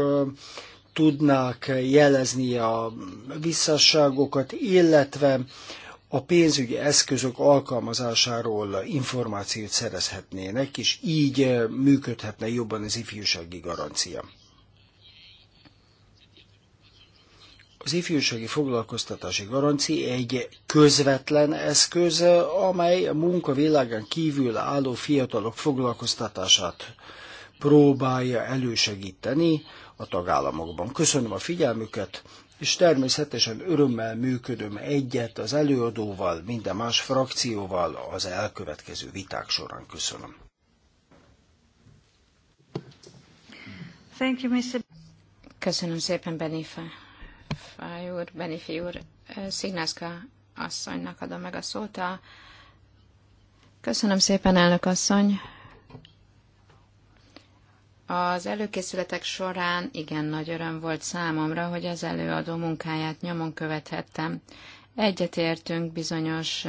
tudnák jelezni a visszasságokat, illetve a pénzügyi eszközök alkalmazásáról információt szerezhetnének, és így eh, működhetne jobban az ifjúsági garancia. Az ifjúsági foglalkoztatási garancia egy közvetlen eszköz, amely a munkavilágán kívül álló fiatalok foglalkoztatását próbálja elősegíteni a tagállamokban. Köszönöm a figyelmüket, és természetesen örömmel működöm egyet az előadóval, minden más frakcióval az elkövetkező viták során. Köszönöm. Thank you, Mr. Köszönöm szépen, Benifa Fáj úr, Benifi úr. Szignászka asszonynak adom meg a szót. Köszönöm szépen, elnök asszony. Az előkészületek során igen nagy öröm volt számomra, hogy az előadó munkáját nyomon követhettem. Egyetértünk bizonyos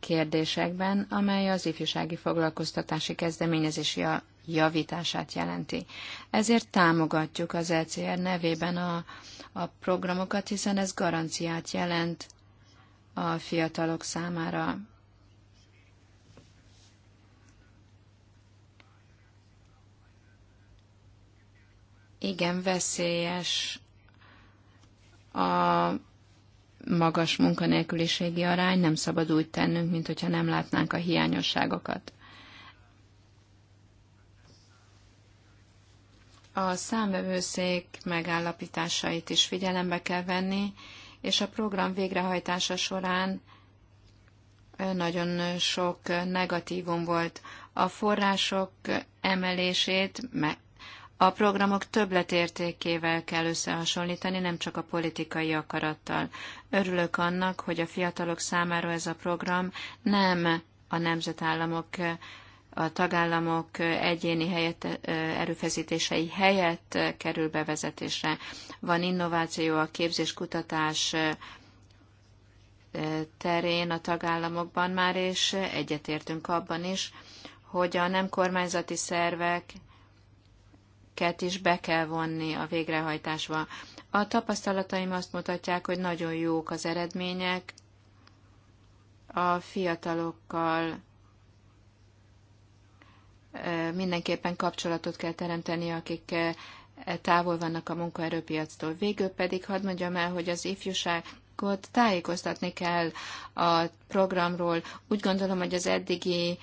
kérdésekben, amely az ifjúsági foglalkoztatási kezdeményezési javítását jelenti. Ezért támogatjuk az ECR nevében a, a programokat, hiszen ez garanciát jelent a fiatalok számára igen veszélyes a magas munkanélküliségi arány, nem szabad úgy tennünk, mint hogyha nem látnánk a hiányosságokat. A számvevőszék megállapításait is figyelembe kell venni, és a program végrehajtása során nagyon sok negatívum volt. A források emelését meg a programok többletértékével kell összehasonlítani, nem csak a politikai akarattal. Örülök annak, hogy a fiatalok számára ez a program nem a nemzetállamok, a tagállamok egyéni helyett, erőfeszítései helyett kerül bevezetésre. Van innováció a képzés-kutatás terén a tagállamokban már, és egyetértünk abban is, hogy a nem kormányzati szervek ket is be kell vonni a végrehajtásba. A tapasztalataim azt mutatják, hogy nagyon jók az eredmények, a fiatalokkal mindenképpen kapcsolatot kell teremteni, akik távol vannak a munkaerőpiactól. Végül pedig hadd mondjam el, hogy az ifjúságot tájékoztatni kell a programról. Úgy gondolom, hogy az eddigi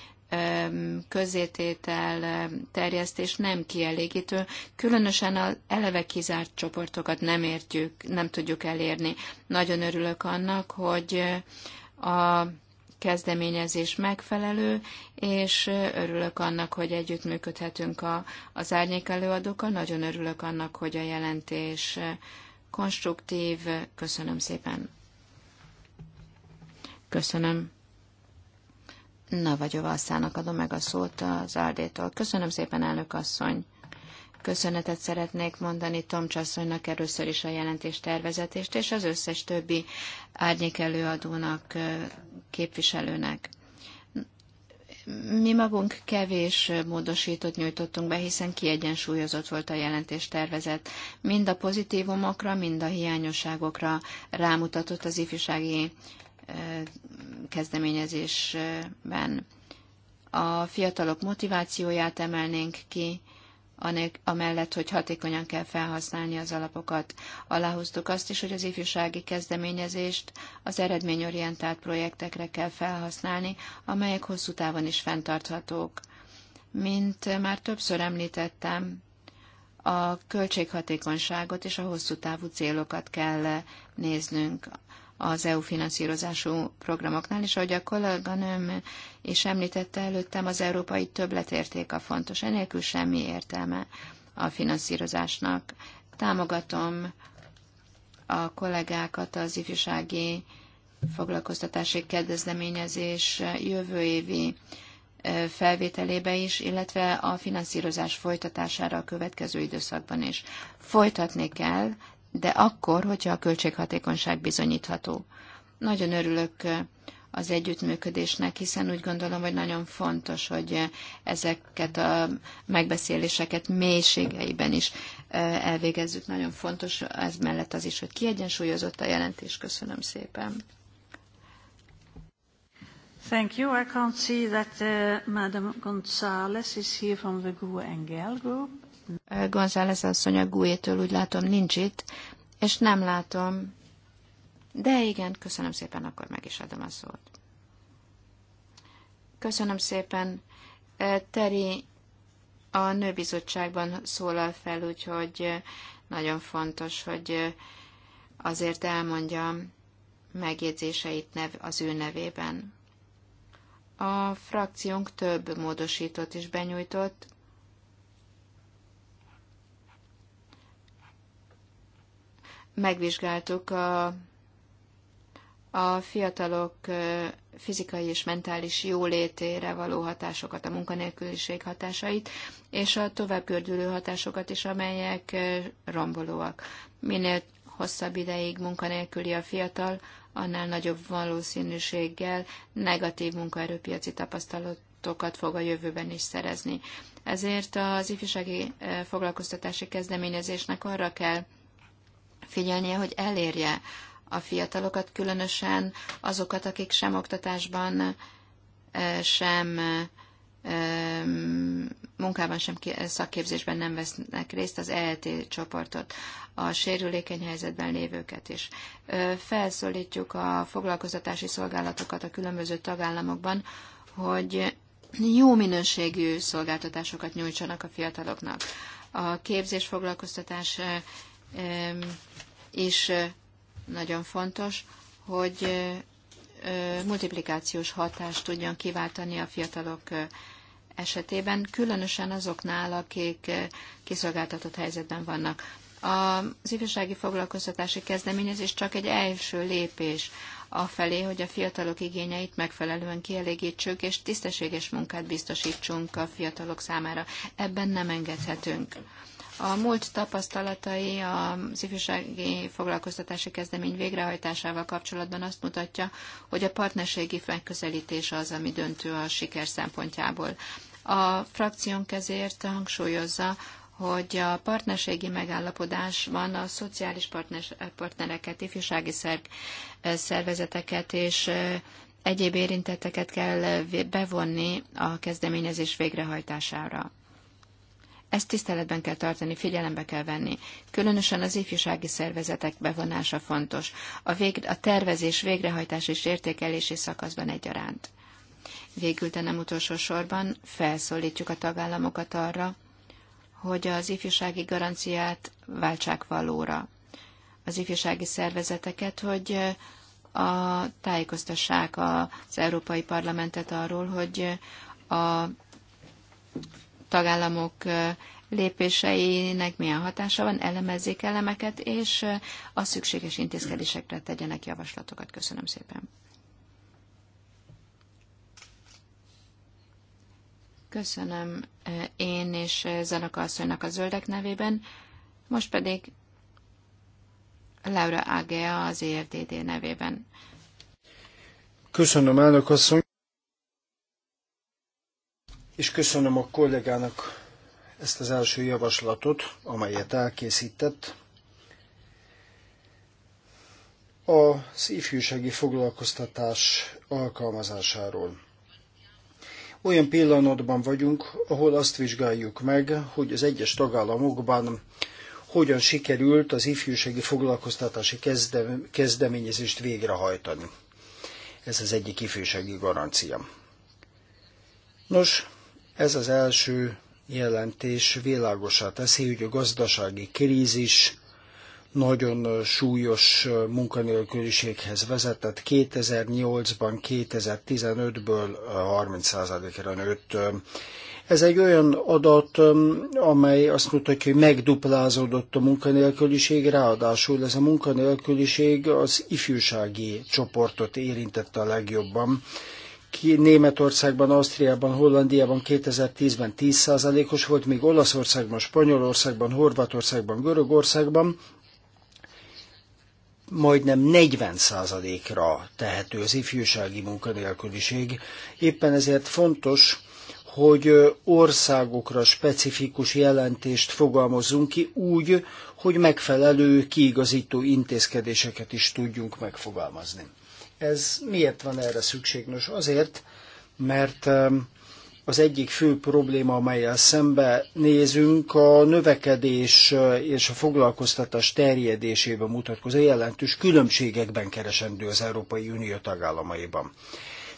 közzététel, terjesztés nem kielégítő, különösen az eleve kizárt csoportokat nem értjük, nem tudjuk elérni. Nagyon örülök annak, hogy a kezdeményezés megfelelő, és örülök annak, hogy együttműködhetünk a, az árnyék előadókkal. Nagyon örülök annak, hogy a jelentés konstruktív. Köszönöm szépen. Köszönöm. Navagyova asszának adom meg a szót az Áldétól. Köszönöm szépen, elnök asszony! Köszönetet szeretnék mondani Tomcsasszonynak először is a jelentés tervezetést, és az összes többi árnyék előadónak, képviselőnek. Mi magunk kevés módosítót nyújtottunk be, hiszen kiegyensúlyozott volt a jelentés tervezet. Mind a pozitívumokra, mind a hiányosságokra rámutatott az ifjúsági kezdeményezésben. A fiatalok motivációját emelnénk ki, amellett, hogy hatékonyan kell felhasználni az alapokat. Aláhoztuk azt is, hogy az ifjúsági kezdeményezést az eredményorientált projektekre kell felhasználni, amelyek hosszú távon is fenntarthatók. Mint már többször említettem, a költséghatékonyságot és a hosszú távú célokat kell néznünk az EU finanszírozású programoknál, és ahogy a kolléganőm is említette előttem, az európai többletérték a fontos, enélkül semmi értelme a finanszírozásnak. Támogatom a kollégákat az ifjúsági foglalkoztatási kedvezményezés jövő évi felvételébe is, illetve a finanszírozás folytatására a következő időszakban is. Folytatni kell de akkor, hogyha a költséghatékonyság bizonyítható. Nagyon örülök az együttműködésnek, hiszen úgy gondolom, hogy nagyon fontos, hogy ezeket a megbeszéléseket mélységeiben is elvégezzük. Nagyon fontos ez mellett az is, hogy kiegyensúlyozott a jelentés. Köszönöm szépen. Thank you. I can't see that uh, Madam Gonzalez is here from the GUE Engel group. González asszony a GUE-től úgy látom nincs itt, és nem látom. De igen, köszönöm szépen, akkor meg is adom a szót. Köszönöm szépen. E, Teri a nőbizottságban szólal fel, úgyhogy nagyon fontos, hogy azért elmondjam megjegyzéseit nev, az ő nevében. A frakciónk több módosított is benyújtott, megvizsgáltuk a, a fiatalok fizikai és mentális jólétére való hatásokat, a munkanélküliség hatásait, és a továbbgördülő hatásokat is, amelyek rombolóak. Minél hosszabb ideig munkanélküli a fiatal, annál nagyobb valószínűséggel negatív munkaerőpiaci tapasztalatokat fog a jövőben is szerezni. Ezért az ifjúsági foglalkoztatási kezdeményezésnek arra kell figyelnie, hogy elérje a fiatalokat, különösen azokat, akik sem oktatásban, sem munkában, sem szakképzésben nem vesznek részt, az ELT csoportot, a sérülékeny helyzetben lévőket is. Felszólítjuk a foglalkoztatási szolgálatokat a különböző tagállamokban, hogy jó minőségű szolgáltatásokat nyújtsanak a fiataloknak. A képzés foglalkoztatás és nagyon fontos, hogy multiplikációs hatást tudjon kiváltani a fiatalok esetében, különösen azoknál, akik kiszolgáltatott helyzetben vannak. Az ifjúsági foglalkoztatási kezdeményezés csak egy első lépés afelé, hogy a fiatalok igényeit megfelelően kielégítsük, és tisztességes munkát biztosítsunk a fiatalok számára. Ebben nem engedhetünk. A múlt tapasztalatai az ifjúsági foglalkoztatási kezdemény végrehajtásával kapcsolatban azt mutatja, hogy a partnerségi megközelítés az, ami döntő a siker szempontjából. A frakciónk ezért hangsúlyozza, hogy a partnerségi megállapodásban a szociális partner, partnereket, ifjúsági szerg, szervezeteket és egyéb érintetteket kell bevonni a kezdeményezés végrehajtására. Ezt tiszteletben kell tartani, figyelembe kell venni. Különösen az ifjúsági szervezetek bevonása fontos. A, vég, a tervezés, végrehajtás és értékelési szakaszban egyaránt. Végül, de nem utolsó sorban felszólítjuk a tagállamokat arra, hogy az ifjúsági garanciát váltsák valóra. Az ifjúsági szervezeteket, hogy a, tájékoztassák az Európai Parlamentet arról, hogy a tagállamok lépéseinek milyen hatása van, elemezzék elemeket, és a szükséges intézkedésekre tegyenek javaslatokat. Köszönöm szépen. Köszönöm én és Zanaka asszonynak a zöldek nevében. Most pedig Laura Agea az ERTD nevében. Köszönöm, elnök asszony és köszönöm a kollégának ezt az első javaslatot, amelyet elkészített. Az ifjúsági foglalkoztatás alkalmazásáról. Olyan pillanatban vagyunk, ahol azt vizsgáljuk meg, hogy az egyes tagállamokban hogyan sikerült az ifjúsági foglalkoztatási kezdeményezést végrehajtani. Ez az egyik ifjúsági garancia. Nos, ez az első jelentés világosá teszi, hogy a gazdasági krízis nagyon súlyos munkanélküliséghez vezetett. 2008-ban, 2015-ből 30%-ra nőtt. Ez egy olyan adat, amely azt mutatja, hogy megduplázódott a munkanélküliség, ráadásul ez a munkanélküliség az ifjúsági csoportot érintette a legjobban Németországban, Ausztriában, Hollandiában 2010-ben 10%-os volt, míg Olaszországban, Spanyolországban, Horvátországban, Görögországban majdnem 40%-ra tehető az ifjúsági munkanélküliség. Éppen ezért fontos, hogy országokra specifikus jelentést fogalmazunk ki úgy, hogy megfelelő kiigazító intézkedéseket is tudjunk megfogalmazni. Ez miért van erre szükség? Nos, azért, mert az egyik fő probléma, amelyel szembe nézünk, a növekedés és a foglalkoztatás terjedésében mutatkozó jelentős különbségekben keresendő az Európai Unió tagállamaiban.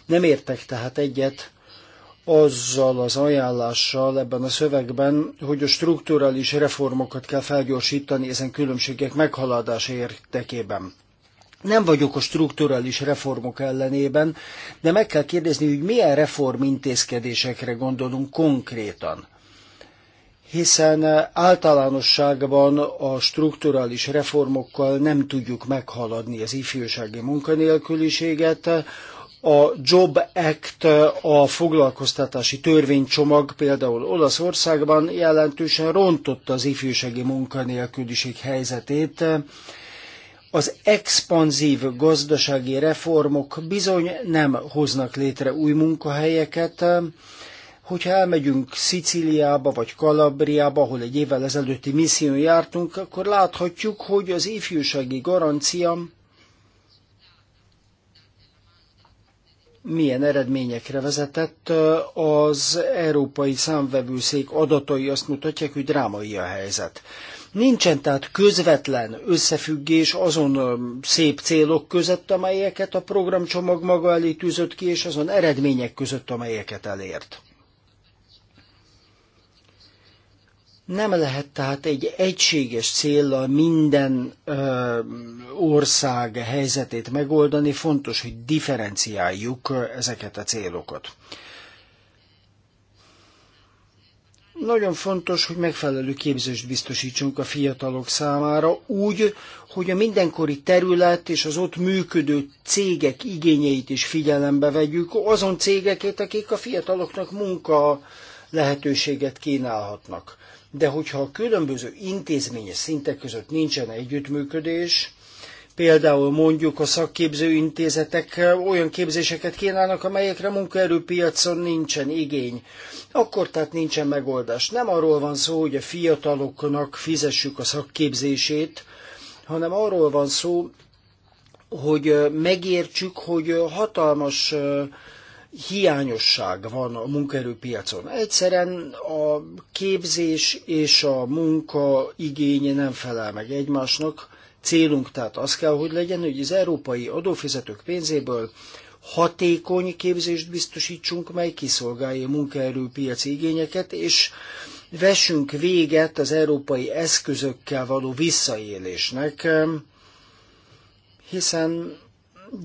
Nem értek tehát egyet azzal az ajánlással ebben a szövegben, hogy a strukturális reformokat kell felgyorsítani ezen különbségek meghaladása érdekében. Nem vagyok a strukturális reformok ellenében, de meg kell kérdezni, hogy milyen reformintézkedésekre intézkedésekre gondolunk konkrétan. Hiszen eh, általánosságban a strukturális reformokkal nem tudjuk meghaladni az ifjúsági munkanélküliséget, a Job Act, eh, a foglalkoztatási törvénycsomag például Olaszországban jelentősen rontotta az ifjúsági munkanélküliség helyzetét, az expanzív gazdasági reformok bizony nem hoznak létre új munkahelyeket, hogyha elmegyünk Szicíliába vagy Kalabriába, ahol egy évvel ezelőtti misszión jártunk, akkor láthatjuk, hogy az ifjúsági garancia milyen eredményekre vezetett. Az Európai Számvevőszék adatai azt mutatják, hogy drámai a helyzet. Nincsen tehát közvetlen összefüggés azon szép célok között, amelyeket a programcsomag maga elé tűzött ki, és azon eredmények között, amelyeket elért. Nem lehet tehát egy egységes céllal minden ö, ország helyzetét megoldani, fontos, hogy differenciáljuk ezeket a célokat. Nagyon fontos, hogy megfelelő képzést biztosítsunk a fiatalok számára úgy, hogy a mindenkori terület és az ott működő cégek igényeit is figyelembe vegyük, azon cégekét, akik a fiataloknak munka lehetőséget kínálhatnak. De hogyha a különböző intézményes szintek között nincsen együttműködés, Például mondjuk a szakképző intézetek olyan képzéseket kínálnak, amelyekre munkaerőpiacon nincsen igény. Akkor tehát nincsen megoldás. Nem arról van szó, hogy a fiataloknak fizessük a szakképzését, hanem arról van szó, hogy megértsük, hogy hatalmas hiányosság van a munkaerőpiacon. Egyszerűen a képzés és a munka igénye nem felel meg egymásnak, Célunk tehát az kell, hogy legyen, hogy az európai adófizetők pénzéből hatékony képzést biztosítsunk, mely kiszolgálja munkaerőpiaci igényeket, és vessünk véget az európai eszközökkel való visszaélésnek, hiszen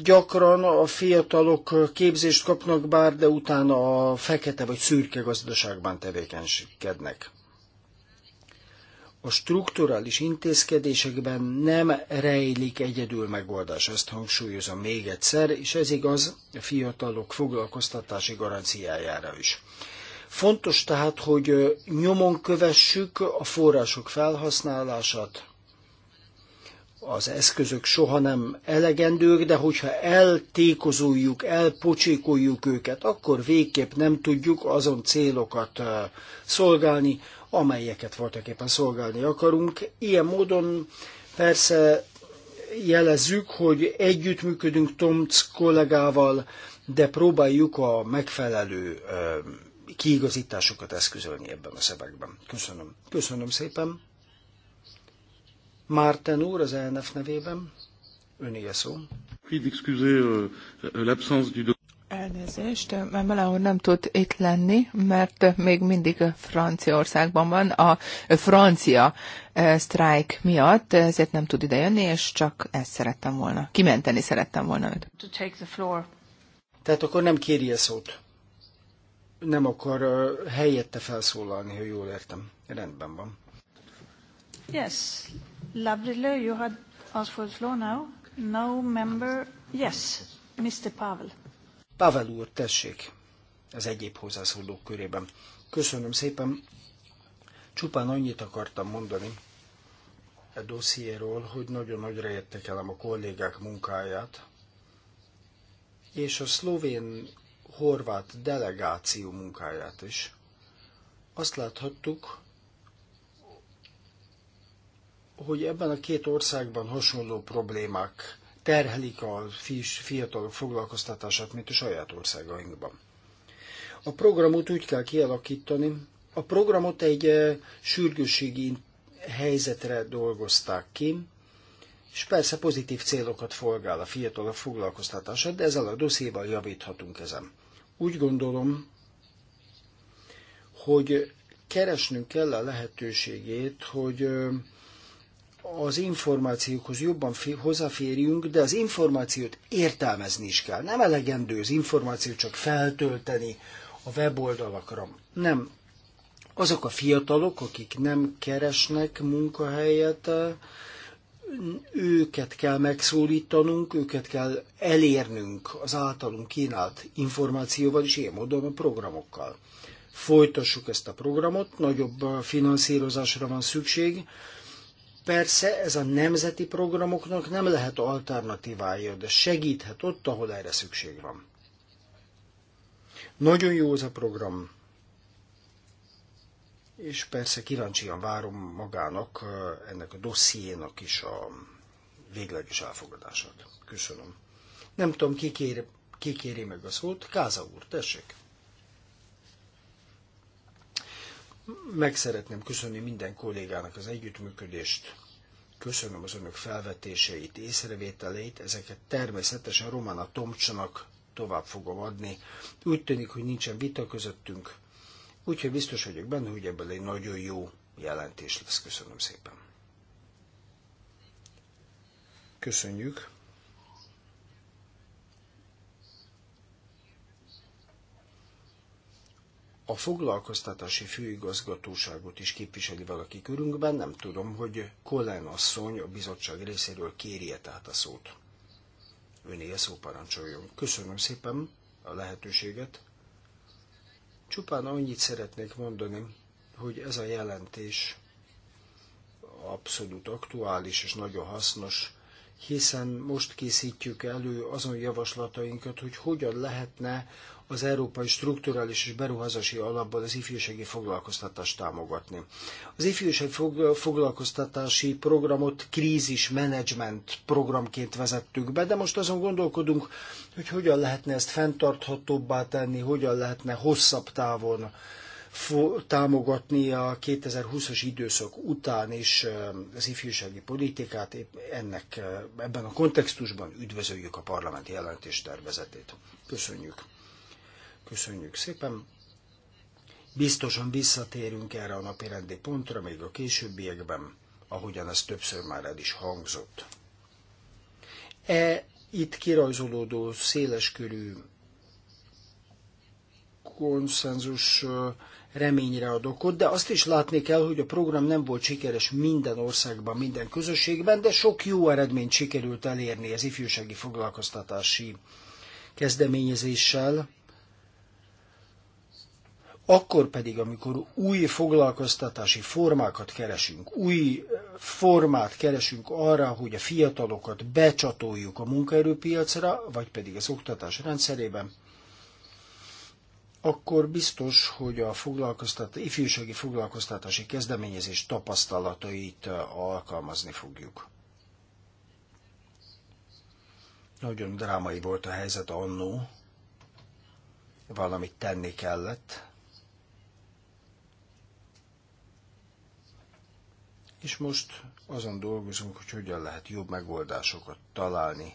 gyakran a fiatalok képzést kapnak bár, de utána a fekete vagy szürke gazdaságban tevékenykednek a strukturális intézkedésekben nem rejlik egyedül megoldás, ezt hangsúlyozom még egyszer, és ez igaz a fiatalok foglalkoztatási garanciájára is. Fontos tehát, hogy nyomon kövessük a források felhasználását, az eszközök soha nem elegendők, de hogyha eltékozoljuk, elpocsékoljuk őket, akkor végképp nem tudjuk azon célokat szolgálni, amelyeket voltak éppen szolgálni akarunk. Ilyen módon persze jelezzük, hogy együttműködünk Tomc kollégával, de próbáljuk a megfelelő kiigazításokat eszközölni ebben a szövegben. Köszönöm. Köszönöm szépen. Márten úr az ELNF nevében. Öné a szó. Excusez euh, l'absence du Elnézést, mert valahol nem tud itt lenni, mert még mindig Franciaországban van a francia eh, sztrájk miatt, ezért nem tud idejönni, és csak ezt szerettem volna, kimenteni szerettem volna őt. Tehát akkor nem kéri a szót. Nem akar eh, helyette felszólalni, ha jól értem. Rendben van. Yes. Labdille, you had asked for the floor now. No member. Yes. Mr. Pavel. Pavel úr, tessék, az egyéb hozzászólók körében. Köszönöm szépen. Csupán annyit akartam mondani a e dossziéról, hogy nagyon nagyra értékelem a kollégák munkáját, és a szlovén-horvát delegáció munkáját is. Azt láthattuk, hogy ebben a két országban hasonló problémák terhelik a fiatalok foglalkoztatását, mint a saját országainkban. A programot úgy kell kialakítani, a programot egy sürgőségi helyzetre dolgozták ki, és persze pozitív célokat szolgál a fiatalok foglalkoztatása, de ezzel a dosszéval javíthatunk ezen. Úgy gondolom, hogy keresnünk kell a lehetőségét, hogy az információkhoz jobban hozzáférjünk, de az információt értelmezni is kell. Nem elegendő az információt csak feltölteni a weboldalakra. Nem. Azok a fiatalok, akik nem keresnek munkahelyet, őket kell megszólítanunk, őket kell elérnünk az általunk kínált információval és ilyen módon a programokkal. Folytassuk ezt a programot, nagyobb uh, finanszírozásra van szükség, Persze ez a nemzeti programoknak nem lehet alternatívája, de segíthet ott, ahol erre szükség van. Nagyon jó az a program, és persze kíváncsian várom magának, ennek a dossziénak is a végleges elfogadását. Köszönöm. Nem tudom, ki, kéri, ki kéri meg a szót. Káza úr, tessék. meg szeretném köszönni minden kollégának az együttműködést. Köszönöm az önök felvetéseit, észrevételeit, ezeket természetesen Romana Tomcsanak tovább fogom adni. Úgy tűnik, hogy nincsen vita közöttünk, úgyhogy biztos vagyok benne, hogy ebből egy nagyon jó jelentés lesz. Köszönöm szépen. Köszönjük. a foglalkoztatási főigazgatóságot is képviseli valaki körünkben, nem tudom, hogy Kollán asszony a bizottság részéről kérje tehát a szót. Öné a szó parancsoljon. Köszönöm szépen a lehetőséget. Csupán annyit szeretnék mondani, hogy ez a jelentés abszolút aktuális és nagyon hasznos, hiszen most készítjük elő azon javaslatainkat, hogy hogyan lehetne az Európai Strukturális és Beruházási Alapból az ifjúsági foglalkoztatást támogatni. Az ifjúsági foglalkoztatási programot krízis menedzsment programként vezettük be, de most azon gondolkodunk, hogy hogyan lehetne ezt fenntarthatóbbá tenni, hogyan lehetne hosszabb távon támogatni a 2020-as időszak után is az ifjúsági politikát. Épp ennek, ebben a kontextusban üdvözöljük a parlamenti jelentés tervezetét. Köszönjük. Köszönjük szépen. Biztosan visszatérünk erre a napirendi pontra még a későbbiekben, ahogyan ez többször már el is hangzott. E itt kirajzolódó széleskörű konszenzus reményre ad okot, de azt is látni kell, hogy a program nem volt sikeres minden országban, minden közösségben, de sok jó eredményt sikerült elérni az ifjúsági foglalkoztatási kezdeményezéssel akkor pedig, amikor új foglalkoztatási formákat keresünk, új eh, formát keresünk arra, hogy a fiatalokat becsatoljuk a munkaerőpiacra, vagy pedig az oktatás rendszerében, akkor biztos, hogy a foglalkoztat, ifjúsági foglalkoztatási kezdeményezés tapasztalatait eh, alkalmazni fogjuk. Nagyon drámai volt a helyzet annó, valamit tenni kellett, és most azon dolgozunk, hogy hogyan lehet jobb megoldásokat találni.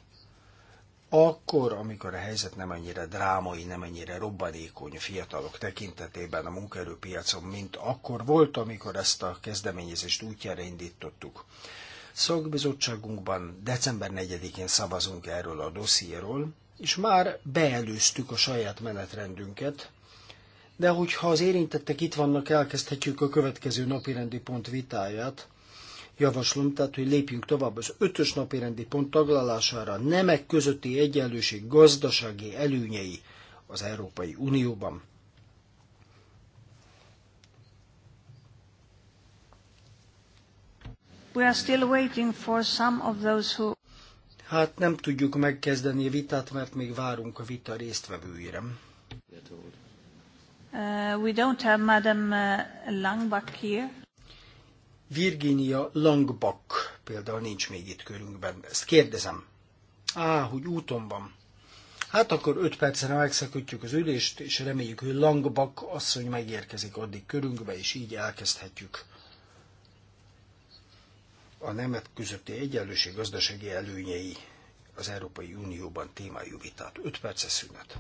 Akkor, amikor a helyzet nem ennyire drámai, nem ennyire robbanékony a fiatalok tekintetében a munkaerőpiacon, mint akkor volt, amikor ezt a kezdeményezést útjára indítottuk. Szakbizottságunkban december 4-én szavazunk erről a dossziéről, és már beelőztük a saját menetrendünket, de hogyha az érintettek itt vannak, elkezdhetjük a következő napirendi pont vitáját, Javaslom tehát, hogy lépjünk tovább az ötös napi rendi pont taglalására, nemek közötti egyenlőség gazdasági előnyei az Európai Unióban. We are still waiting for some of those who... Hát nem tudjuk megkezdeni a vitát, mert még várunk a vita résztvevőire. Uh, we don't have Madam uh, Langbach here. Virginia Langbach például nincs még itt körünkben. Ezt kérdezem. Á, hogy úton van. Hát akkor 5 percre megszakítjuk az ülést, és reméljük, hogy Langbach asszony megérkezik addig körünkbe, és így elkezdhetjük a nemet közötti egyenlőség gazdasági előnyei az Európai Unióban témájú vitát. 5 perces szünet.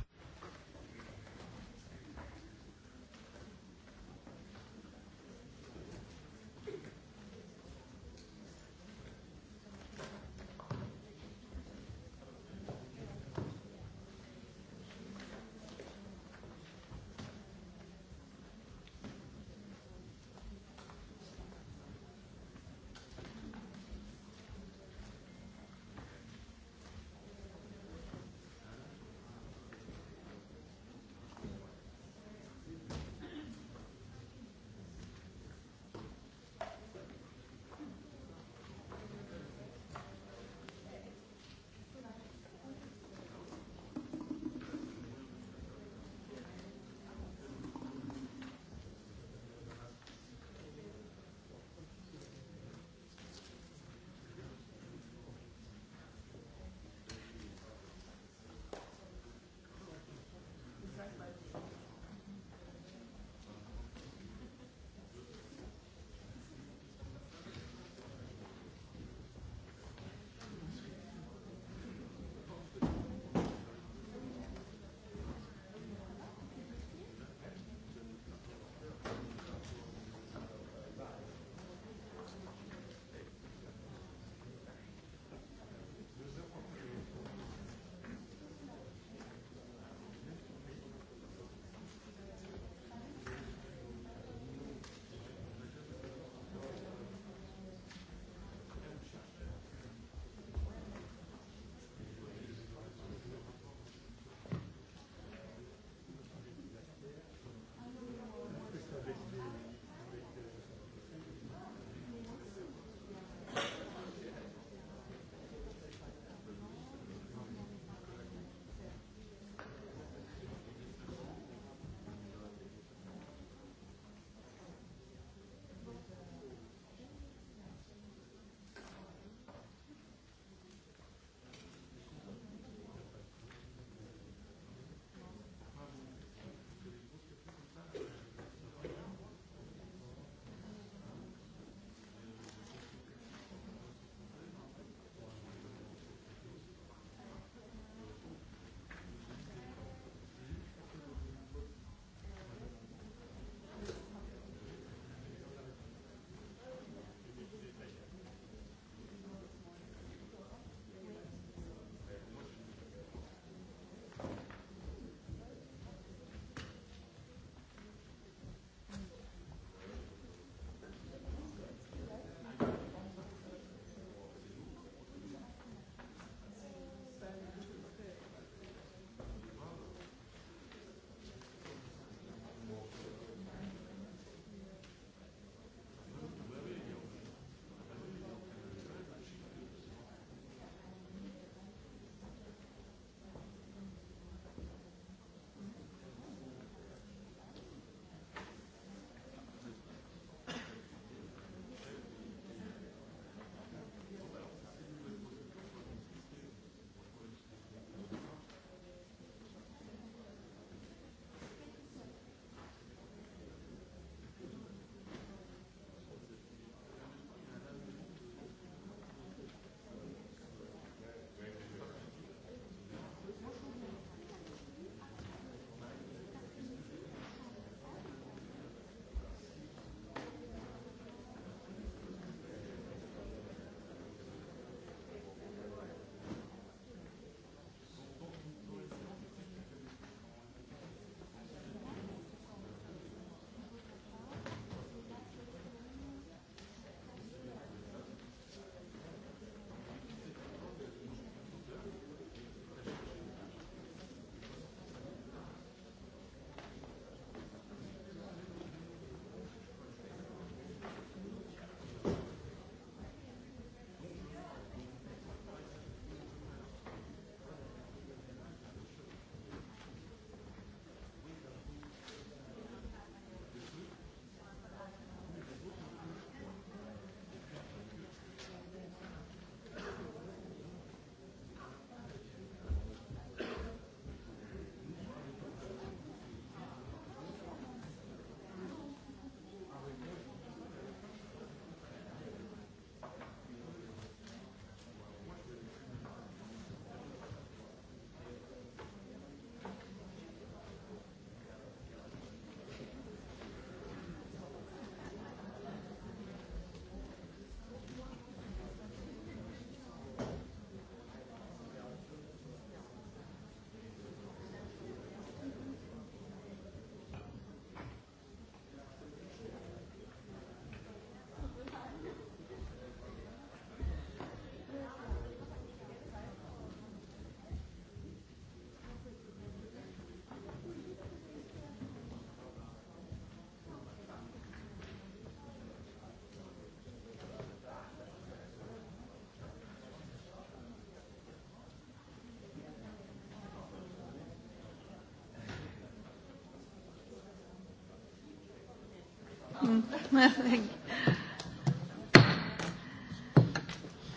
welcome.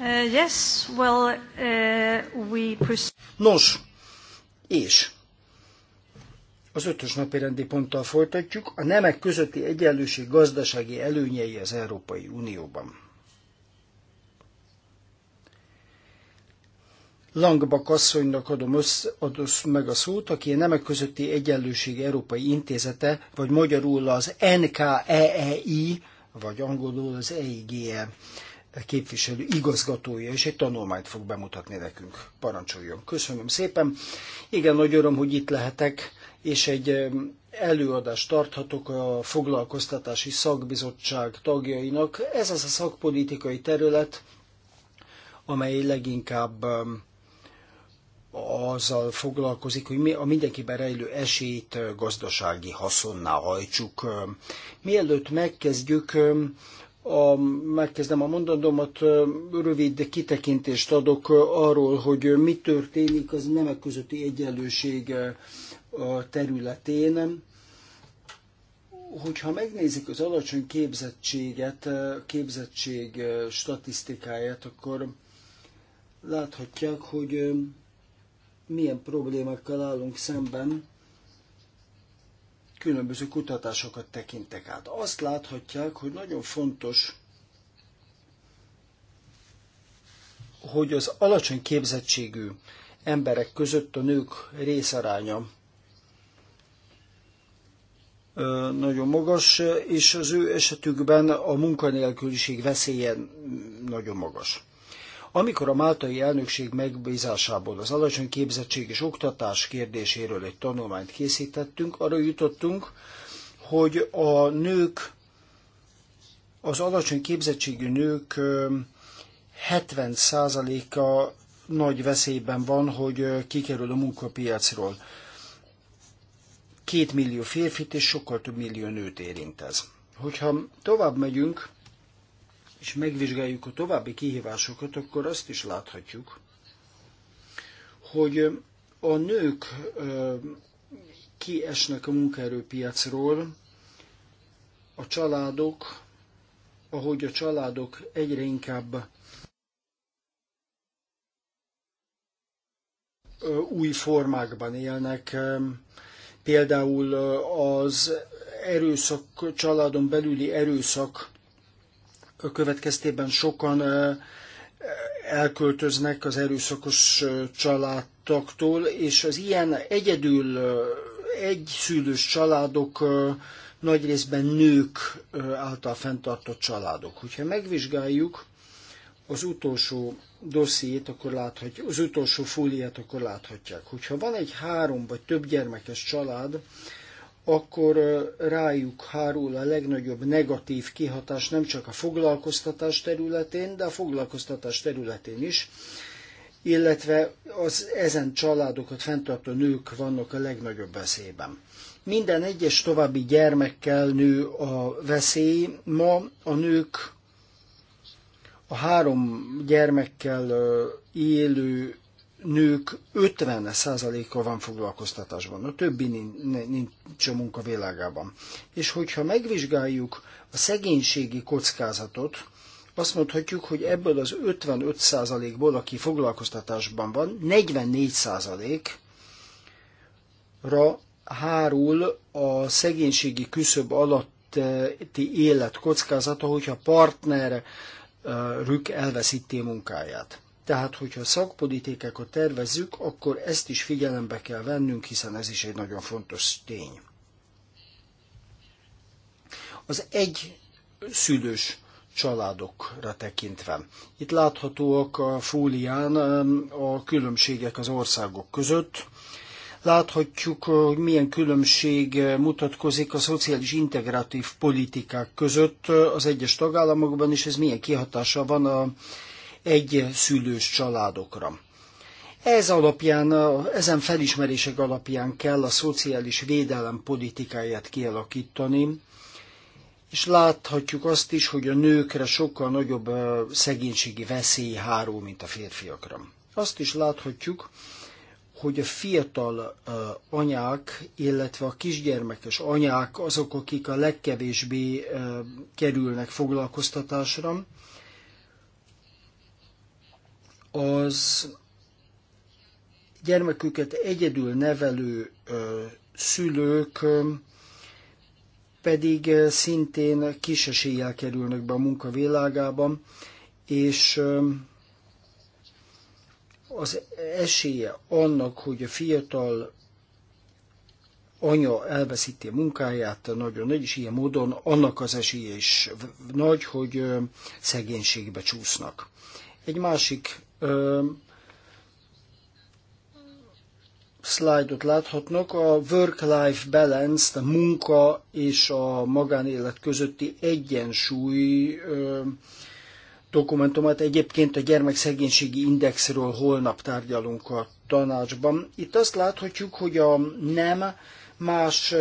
Uh, yes, well, uh, we Nos, és az ötös napi rendi ponttal folytatjuk a nemek közötti egyenlőség gazdasági előnyei az Európai Unióban. Langbak asszonynak adom, össze, adom meg a szót, aki a Nemek közötti Egyenlőség Európai Intézete, vagy magyarul az NKEEI, vagy angolul az EIGE e képviselő igazgatója, és egy tanulmányt fog bemutatni nekünk. Parancsoljon. Köszönöm szépen. Igen, nagy öröm, hogy itt lehetek, és egy előadást tarthatok a foglalkoztatási szakbizottság tagjainak. Ez az a szakpolitikai terület, amely leginkább azzal foglalkozik, hogy mi a mindenkiben rejlő esélyt gazdasági haszonná hajtsuk. Mielőtt megkezdjük, a, megkezdem a mondandómat, rövid kitekintést adok arról, hogy mi történik az nemek közötti egyenlőség területén. Hogyha megnézik az alacsony képzettséget, képzettség statisztikáját, akkor láthatják, hogy milyen problémákkal állunk szemben, különböző kutatásokat tekintek át. Azt láthatják, hogy nagyon fontos, hogy az alacsony képzettségű emberek között a nők részaránya nagyon magas, és az ő esetükben a munkanélküliség veszélye nagyon magas. Amikor a máltai elnökség megbízásából az alacsony képzettség és oktatás kérdéséről egy tanulmányt készítettünk, arra jutottunk, hogy a nők, az alacsony képzettségű nők 70%-a nagy veszélyben van, hogy kikerül a munkapiacról. Két millió férfit és sokkal több millió nőt érint ez. Hogyha tovább megyünk, és megvizsgáljuk a további kihívásokat, akkor azt is láthatjuk, hogy a nők kiesnek a munkaerőpiacról, a családok, ahogy a családok egyre inkább új formákban élnek, például az erőszak, családon belüli erőszak következtében sokan elköltöznek az erőszakos családtaktól, és az ilyen egyedül egy szülős családok nagy részben nők által fenntartott családok. Hogyha megvizsgáljuk az utolsó dossziét, akkor láthatjuk, az utolsó fóliát, akkor láthatják. Hogyha van egy három vagy több gyermekes család, akkor rájuk hárul a legnagyobb negatív kihatás nem csak a foglalkoztatás területén, de a foglalkoztatás területén is, illetve az ezen családokat fenntartó nők vannak a legnagyobb veszélyben. Minden egyes további gyermekkel nő a veszély. Ma a nők a három gyermekkel élő nők 50%-a van foglalkoztatásban, a többi nincs a munka világában. És hogyha megvizsgáljuk a szegénységi kockázatot, azt mondhatjuk, hogy ebből az 55%-ból, aki foglalkoztatásban van, 44%-ra hárul a szegénységi küszöb alatti élet kockázata, hogyha partner rük elveszíti munkáját. Tehát, hogyha szakpolitikákat tervezzük, akkor ezt is figyelembe kell vennünk, hiszen ez is egy nagyon fontos tény. Az egy szülős családokra tekintve. Itt láthatóak a fólián a különbségek az országok között. Láthatjuk, hogy milyen különbség eh, mutatkozik a szociális integratív politikák között eh, az egyes tagállamokban, és ez milyen kihatása van a egy szülős családokra. Ez alapján, ezen felismerések alapján kell a szociális védelem politikáját kialakítani, és láthatjuk azt is, hogy a nőkre sokkal nagyobb szegénységi veszély hárul, mint a férfiakra. Azt is láthatjuk, hogy a fiatal anyák, illetve a kisgyermekes anyák azok, akik a legkevésbé kerülnek foglalkoztatásra, az gyermeküket egyedül nevelő szülők pedig szintén kis eséllyel kerülnek be a munkavilágában, és az esélye annak, hogy a fiatal anya elveszíti munkáját, nagyon nagy, és ilyen módon annak az esélye is nagy, hogy szegénységbe csúsznak. Egy másik szlájdot láthatnak, a work-life balance, a munka és a magánélet közötti egyensúly dokumentumát. Egyébként a gyermekszegénységi indexről holnap tárgyalunk a tanácsban. Itt azt láthatjuk, hogy a nem más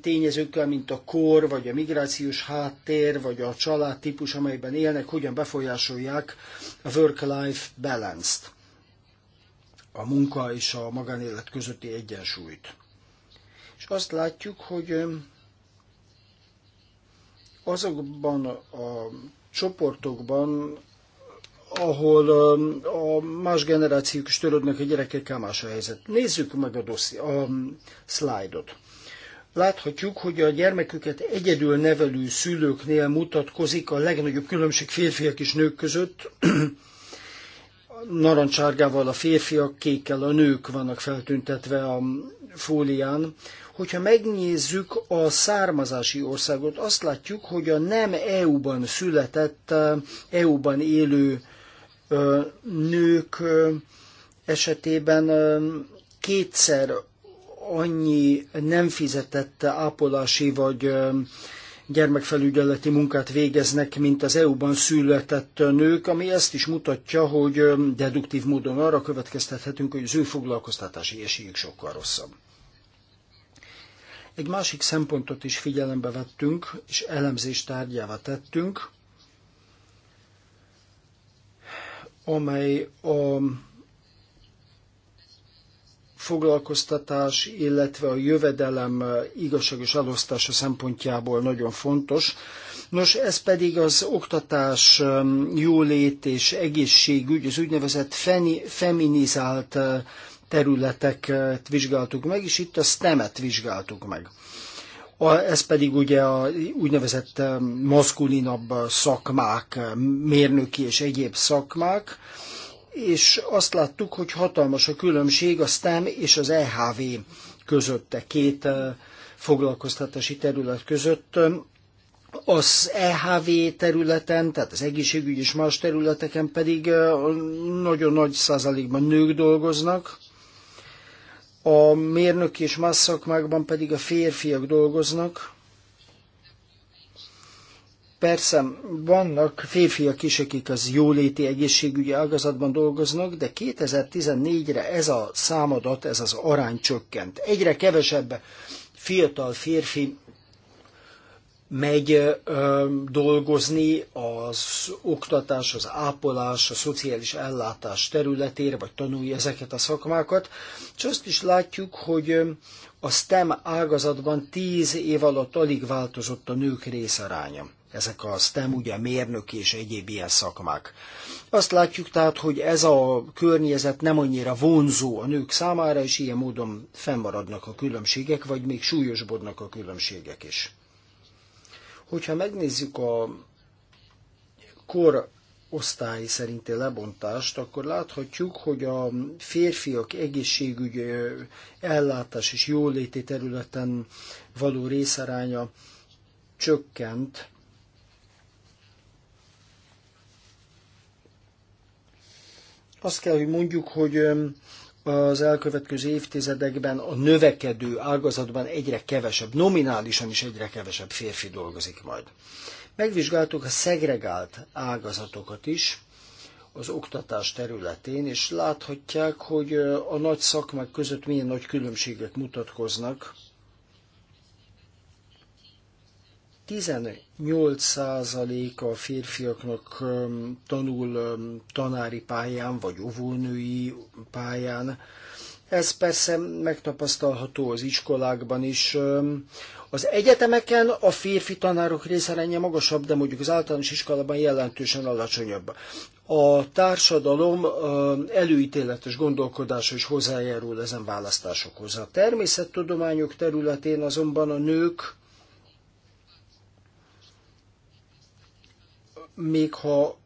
tényezőkkel, mint a kor, vagy a migrációs háttér, vagy a családtípus, amelyben élnek, hogyan befolyásolják a work-life balance-t, a munka és a magánélet közötti egyensúlyt. És azt látjuk, hogy azokban a csoportokban, ahol um, a más generációk is törődnek a gyerekekkel más a helyzet. Nézzük meg a, doszi, a um, szlájdot. Láthatjuk, hogy a gyermeküket egyedül nevelő szülőknél mutatkozik a legnagyobb különbség férfiak és nők között. Narancsárgával a férfiak, kékkel a nők vannak feltüntetve a fólián. Hogyha megnézzük a származási országot, azt látjuk, hogy a nem EU-ban született, EU-ban élő nők esetében kétszer annyi nem fizetett ápolási vagy gyermekfelügyeleti munkát végeznek, mint az EU-ban született nők, ami ezt is mutatja, hogy deduktív módon arra következtethetünk, hogy az ő foglalkoztatási esélyük sokkal rosszabb. Egy másik szempontot is figyelembe vettünk, és elemzést tárgyává tettünk, amely a foglalkoztatás, illetve a jövedelem igazságos elosztása szempontjából nagyon fontos. Nos, ez pedig az oktatás, um, jólét és egészségügy, az úgynevezett feminizált uh, területeket vizsgáltuk meg, és itt a STEM-et vizsgáltuk meg a, ez pedig ugye a úgynevezett eh, maszkulinabb szakmák, mérnöki és egyéb szakmák, és azt láttuk, hogy hatalmas a különbség a STEM és az EHV közötte, két eh, foglalkoztatási terület között. Az EHV területen, tehát az egészségügy és más területeken pedig eh, nagyon nagy százalékban nők dolgoznak, a mérnök és más szakmákban pedig a férfiak dolgoznak. Persze vannak férfiak is, akik az jóléti egészségügyi ágazatban dolgoznak, de 2014-re ez a számadat, ez az arány csökkent. Egyre kevesebb fiatal férfi megy dolgozni az oktatás, az ápolás, a szociális ellátás területére, vagy tanulja ezeket a szakmákat, és azt is látjuk, hogy a STEM ágazatban 10 év alatt alig változott a nők részaránya. Ezek a STEM, ugye mérnök és egyéb ilyen szakmák. Azt látjuk tehát, hogy ez a környezet nem annyira vonzó a nők számára, és ilyen módon fennmaradnak a különbségek, vagy még súlyosbodnak a különbségek is. Hogyha megnézzük a kor osztály szerinti lebontást, akkor láthatjuk, hogy a férfiak egészségügy ellátás és jóléti területen való részaránya csökkent. Azt kell, hogy mondjuk, hogy az elkövetkező évtizedekben a növekedő ágazatban egyre kevesebb, nominálisan is egyre kevesebb férfi dolgozik majd. Megvizsgáltuk a szegregált ágazatokat is az oktatás területén, és láthatják, hogy a nagy szakmák között milyen nagy különbségek mutatkoznak, 18%-a a férfiaknak tanul tanári pályán, vagy óvónői pályán. Ez persze megtapasztalható az iskolákban is. Az egyetemeken a férfi tanárok részaránya magasabb, de mondjuk az általános iskolában jelentősen alacsonyabb. A társadalom előítéletes gondolkodása is hozzájárul ezen választásokhoz. A természettudományok területén azonban a nők még ha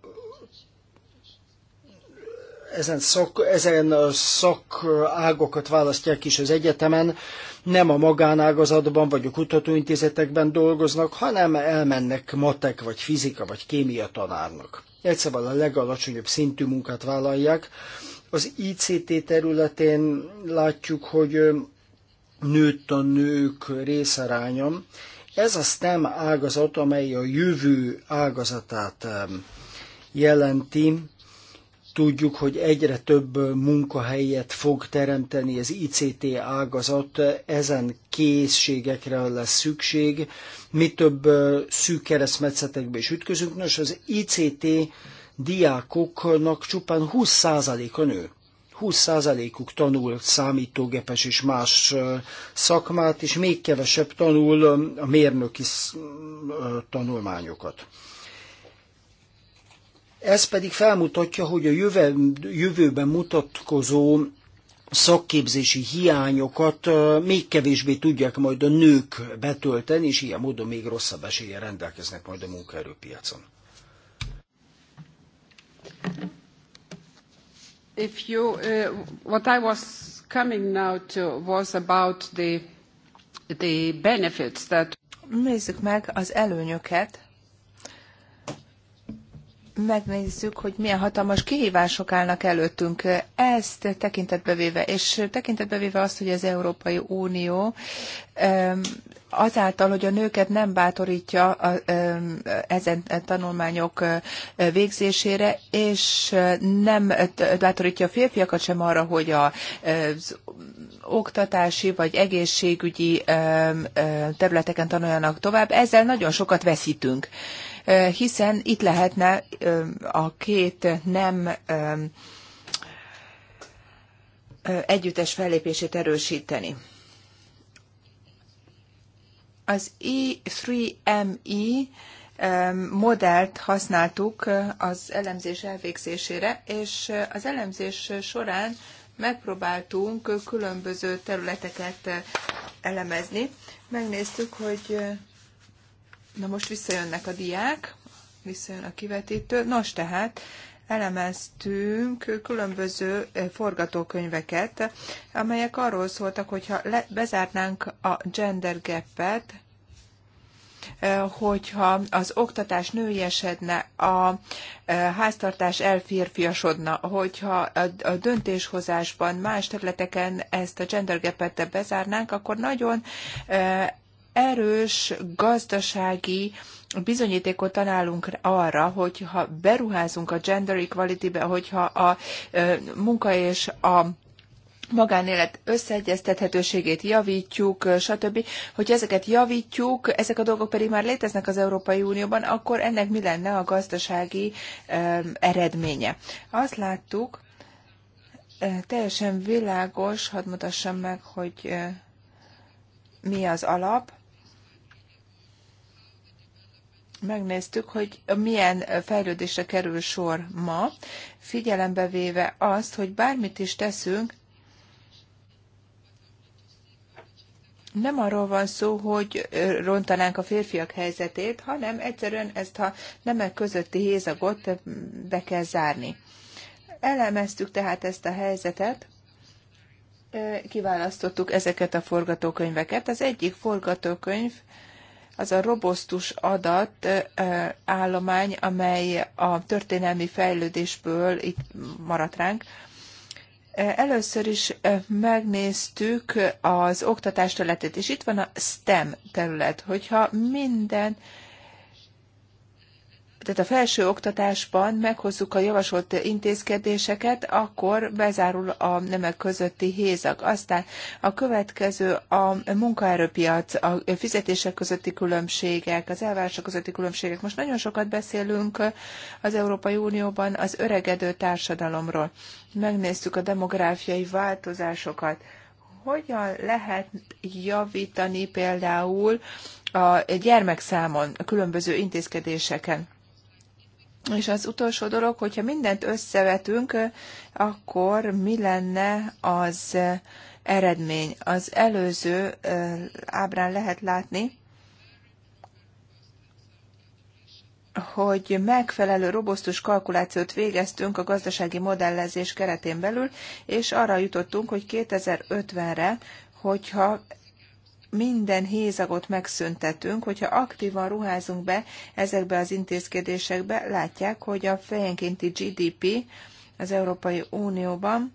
ezen, szak, ezen szakágokat választják is az egyetemen, nem a magánágazatban vagy a kutatóintézetekben dolgoznak, hanem elmennek matek vagy fizika vagy kémia tanárnak. Egyszerűen szóval a legalacsonyabb szintű munkát vállalják. Az ICT területén látjuk, hogy nőtt a nők részaránya, ez a STEM ágazat, amely a jövő ágazatát jelenti, tudjuk, hogy egyre több munkahelyet fog teremteni az ICT ágazat, ezen készségekre lesz szükség, mi több szűk keresztmetszetekbe is ütközünk. Nos, az ICT diákoknak csupán 20%-a nő. 20%-uk tanul számítógépes és más szakmát, és még kevesebb tanul a mérnöki tanulmányokat. Ez pedig felmutatja, hogy a jövőben mutatkozó szakképzési hiányokat még kevésbé tudják majd a nők betölteni, és ilyen módon még rosszabb eséllyel rendelkeznek majd a munkaerőpiacon. Uh, what I was coming now to was about the, benefits that... Nézzük meg az előnyöket. Megnézzük, hogy milyen hatalmas kihívások állnak előttünk. Ezt tekintetbe véve, és tekintetbe véve azt, hogy az Európai Unió azáltal, hogy a nőket nem bátorítja a, ezen tanulmányok végzésére, és nem bátorítja a férfiakat sem arra, hogy az oktatási vagy egészségügyi területeken tanuljanak tovább, ezzel nagyon sokat veszítünk hiszen itt lehetne a két nem együttes fellépését erősíteni. Az E3ME e, modellt használtuk az elemzés elvégzésére, és az elemzés során megpróbáltunk különböző területeket elemezni. Megnéztük, hogy na most visszajönnek a diák, visszajön a kivetítő. Nos, tehát elemeztünk különböző forgatókönyveket, amelyek arról szóltak, hogyha le, bezárnánk a gender gap-et, hogyha az oktatás nőiesedne, a háztartás elférfiasodna, hogyha a döntéshozásban más területeken ezt a gender gap-et bezárnánk, akkor nagyon erős gazdasági bizonyítékot találunk arra, hogyha beruházunk a gender equality-be, hogyha a munka és a magánélet összeegyeztethetőségét javítjuk, stb. Hogy ezeket javítjuk, ezek a dolgok pedig már léteznek az Európai Unióban, akkor ennek mi lenne a gazdasági eredménye? Azt láttuk, teljesen világos, hadd mutassam meg, hogy mi az alap, megnéztük, hogy milyen fejlődésre kerül sor ma, figyelembe véve azt, hogy bármit is teszünk, nem arról van szó, hogy rontanánk a férfiak helyzetét, hanem egyszerűen ezt a nemek közötti hézagot be kell zárni. Elemeztük tehát ezt a helyzetet, kiválasztottuk ezeket a forgatókönyveket. Az egyik forgatókönyv az a robosztus adat állomány, amely a történelmi fejlődésből itt maradt ránk. Először is megnéztük az oktatás területét, és itt van a STEM terület, hogyha minden tehát a felső oktatásban meghozzuk a javasolt intézkedéseket, akkor bezárul a nemek közötti hézag. Aztán a következő a munkaerőpiac, a fizetések közötti különbségek, az elvárások közötti különbségek. Most nagyon sokat beszélünk az Európai Unióban az öregedő társadalomról. Megnéztük a demográfiai változásokat hogyan lehet javítani például a gyermekszámon, a különböző intézkedéseken. És az utolsó dolog, hogyha mindent összevetünk, akkor mi lenne az eredmény? Az előző ábrán lehet látni, hogy megfelelő robosztus kalkulációt végeztünk a gazdasági modellezés keretén belül, és arra jutottunk, hogy 2050-re, hogyha minden hézagot megszüntetünk, hogyha aktívan ruházunk be ezekbe az intézkedésekbe, látják, hogy a fejenkénti GDP az Európai Unióban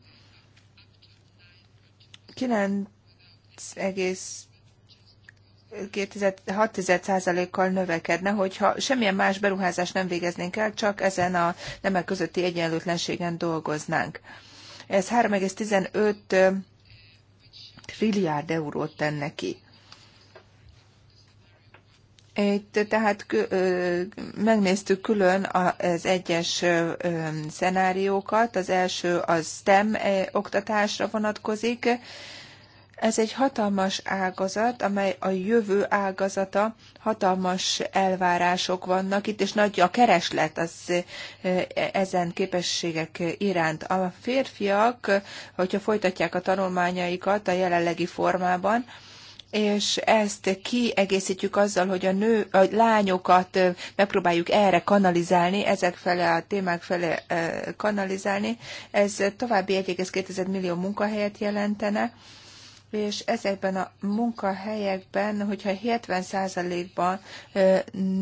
9,6%-kal növekedne, hogyha semmilyen más beruházást nem végeznénk el, csak ezen a nemek közötti egyenlőtlenségen dolgoznánk. Ez 3,15 trilliárd eurót tenne ki. Itt tehát megnéztük külön az egyes szenáriókat. Az első az STEM oktatásra vonatkozik. Ez egy hatalmas ágazat, amely a jövő ágazata, hatalmas elvárások vannak itt, és nagy a kereslet az ezen képességek iránt. A férfiak, hogyha folytatják a tanulmányaikat a jelenlegi formában, és ezt kiegészítjük azzal, hogy a nő, a lányokat megpróbáljuk erre kanalizálni, ezek fele a témák fele kanalizálni. Ez további 1,2 millió munkahelyet jelentene, és ezekben a munkahelyekben, hogyha 70%-ban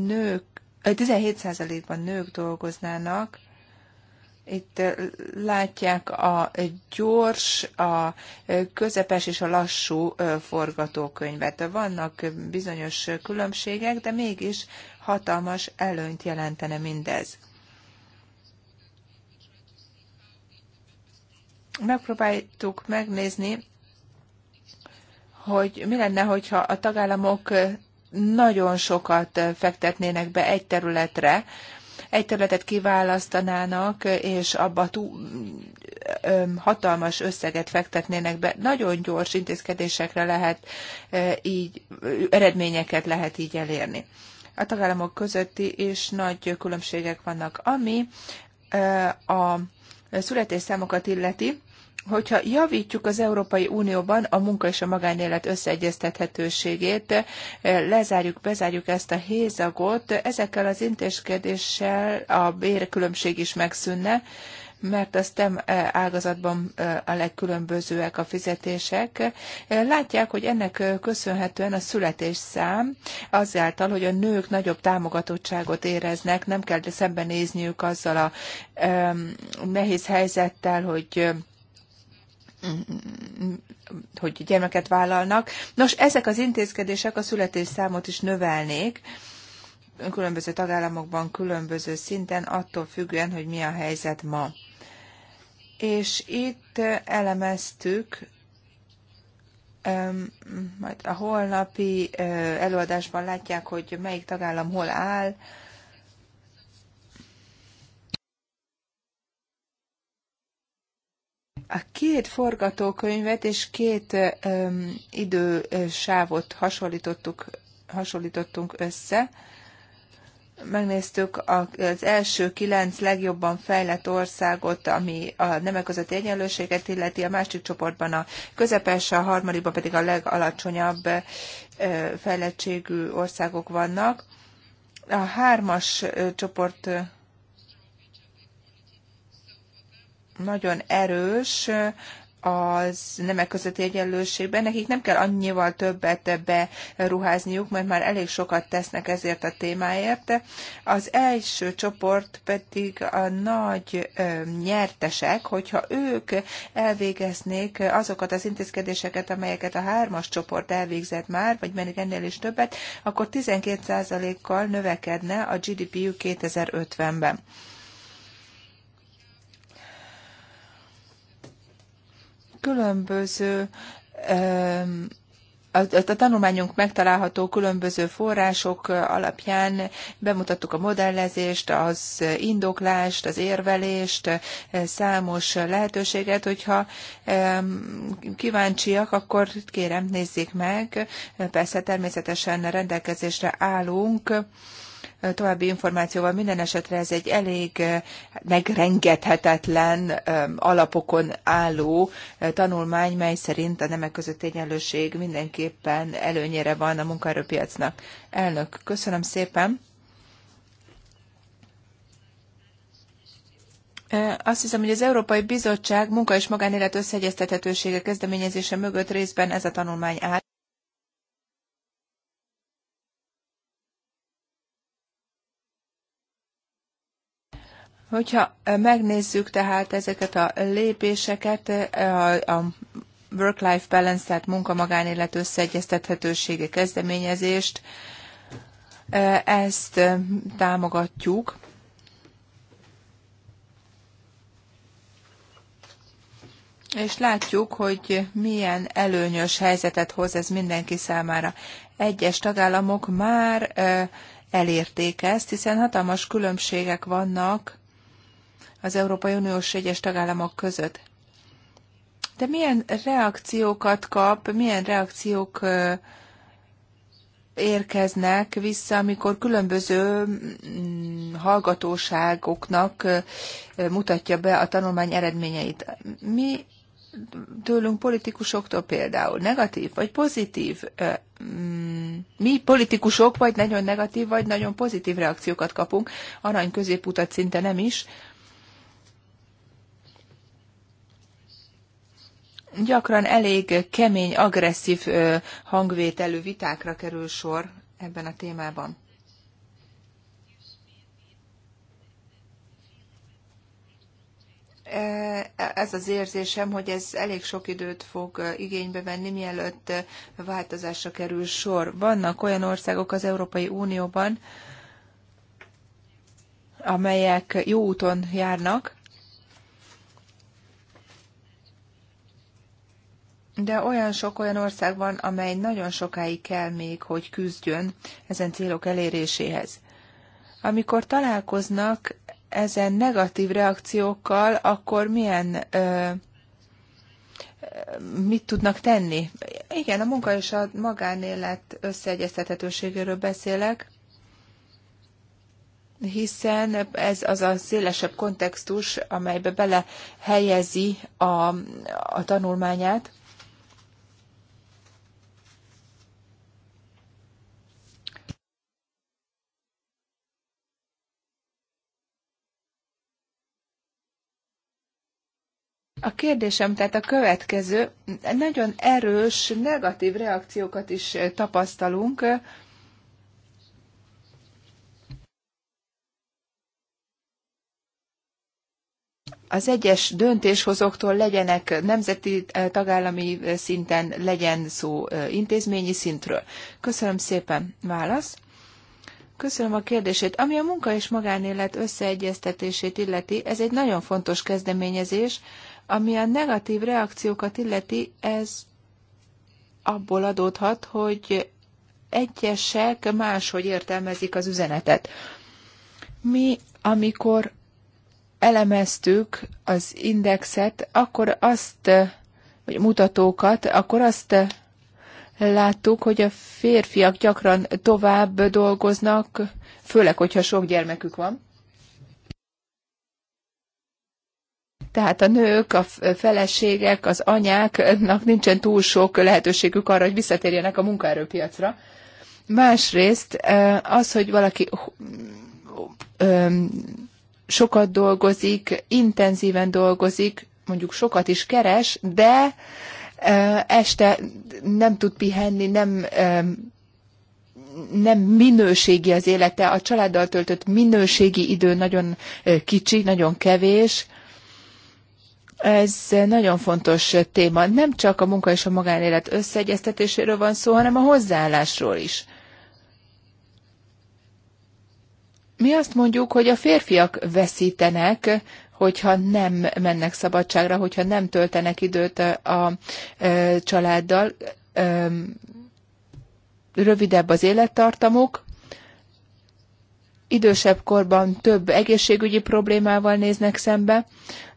nők, 17%-ban nők dolgoznának, itt látják a gyors, a közepes és a lassú forgatókönyvet. Vannak bizonyos különbségek, de mégis hatalmas előnyt jelentene mindez. Megpróbáltuk megnézni, hogy mi lenne, hogyha a tagállamok nagyon sokat fektetnének be egy területre, egy területet kiválasztanának, és abba tú, hatalmas összeget fektetnének be. Nagyon gyors intézkedésekre lehet így, eredményeket lehet így elérni. A tagállamok közötti is nagy különbségek vannak, ami a születésszámokat illeti hogyha javítjuk az Európai Unióban a munka és a magánélet összeegyeztethetőségét, eh, lezárjuk, bezárjuk ezt a hézagot, ezekkel az intézkedéssel a bérkülönbség is megszűnne, mert a STEM eh, ágazatban eh, a legkülönbözőek a fizetések. Látják, hogy ennek köszönhetően a születésszám azáltal, hogy a nők nagyobb támogatottságot éreznek, nem kell szembenézniük azzal a nehéz helyzettel, hogy hogy gyermeket vállalnak. Nos, ezek az intézkedések a születésszámot is növelnék, különböző tagállamokban, különböző szinten, attól függően, hogy mi a helyzet ma. És itt elemeztük majd a holnapi előadásban látják, hogy melyik tagállam hol áll, A két forgatókönyvet és két um, idősávot hasonlítottuk, hasonlítottunk össze. Megnéztük az első kilenc legjobban fejlett országot, ami a nemek között egyenlőséget illeti, a másik csoportban a közepes, a harmadikban pedig a legalacsonyabb fejlettségű országok vannak. A hármas csoport nagyon erős az nemek közötti egyenlőségben. Nekik nem kell annyival többet beruházniuk, mert már elég sokat tesznek ezért a témáért. Az első csoport pedig a nagy nyertesek, hogyha ők elvégeznék azokat az intézkedéseket, amelyeket a hármas csoport elvégzett már, vagy menik ennél is többet, akkor 12%-kal növekedne a GDP-jük 2050-ben. Különböző a, a tanulmányunk megtalálható különböző források alapján bemutattuk a modellezést, az indoklást, az érvelést, számos lehetőséget, hogyha kíváncsiak, akkor kérem nézzék meg, persze természetesen rendelkezésre állunk, további információval. Minden esetre ez egy elég eh, megrengethetetlen eh, alapokon álló eh, tanulmány, mely szerint a nemek között egyenlőség mindenképpen előnyére van a munkaerőpiacnak. Elnök, köszönöm szépen! Azt hiszem, hogy az Európai Bizottság munka és magánélet összeegyeztethetősége kezdeményezése mögött részben ez a tanulmány áll. Hogyha megnézzük tehát ezeket a lépéseket, a work-life balance, tehát munka-magánélet összeegyeztethetősége kezdeményezést, ezt támogatjuk. És látjuk, hogy milyen előnyös helyzetet hoz ez mindenki számára. Egyes tagállamok már elérték ezt, hiszen hatalmas különbségek vannak az Európai Uniós egyes tagállamok között. De milyen reakciókat kap, milyen reakciók érkeznek vissza, amikor különböző mm, hallgatóságoknak mutatja be a tanulmány eredményeit. Mi tőlünk politikusoktól például negatív vagy pozitív, mm, mi politikusok vagy nagyon negatív vagy nagyon pozitív reakciókat kapunk, arany középutat szinte nem is, gyakran elég kemény, agresszív hangvételű vitákra kerül sor ebben a témában. E, ez az érzésem, hogy ez elég sok időt fog igénybe venni, mielőtt változásra kerül sor. Vannak olyan országok az Európai Unióban, amelyek jó úton járnak, de olyan sok olyan ország van, amely nagyon sokáig kell még, hogy küzdjön ezen célok eléréséhez. Amikor találkoznak ezen negatív reakciókkal, akkor milyen, ö, mit tudnak tenni? Igen, a munka és a magánélet összeegyeztethetőségéről beszélek, hiszen ez az a szélesebb kontextus, amelybe bele helyezi a, a tanulmányát. A kérdésem tehát a következő, nagyon erős negatív reakciókat is tapasztalunk, az egyes döntéshozóktól legyenek nemzeti eh, tagállami szinten, legyen szó eh, intézményi szintről. Köszönöm szépen. Válasz. Köszönöm a kérdését. Ami a munka és magánélet összeegyeztetését illeti, ez egy nagyon fontos kezdeményezés, ami a negatív reakciókat illeti, ez abból adódhat, hogy egyesek máshogy értelmezik az üzenetet. Mi, amikor elemeztük az indexet, akkor azt, vagy mutatókat, akkor azt láttuk, hogy a férfiak gyakran tovább dolgoznak, főleg, hogyha sok gyermekük van. Tehát a nők, a feleségek, az anyáknak nincsen túl sok lehetőségük arra, hogy visszatérjenek a munkaerőpiacra. Másrészt az, hogy valaki sokat dolgozik, intenzíven dolgozik, mondjuk sokat is keres, de este nem tud pihenni, nem nem minőségi az élete, a családdal töltött minőségi idő nagyon kicsi, nagyon kevés, ez nagyon fontos téma. Nem csak a munka és a magánélet összeegyeztetéséről van szó, hanem a hozzáállásról is. Mi azt mondjuk, hogy a férfiak veszítenek, hogyha nem mennek szabadságra, hogyha nem töltenek időt a e, családdal. E, rövidebb az élettartamuk, idősebb korban több egészségügyi problémával néznek szembe,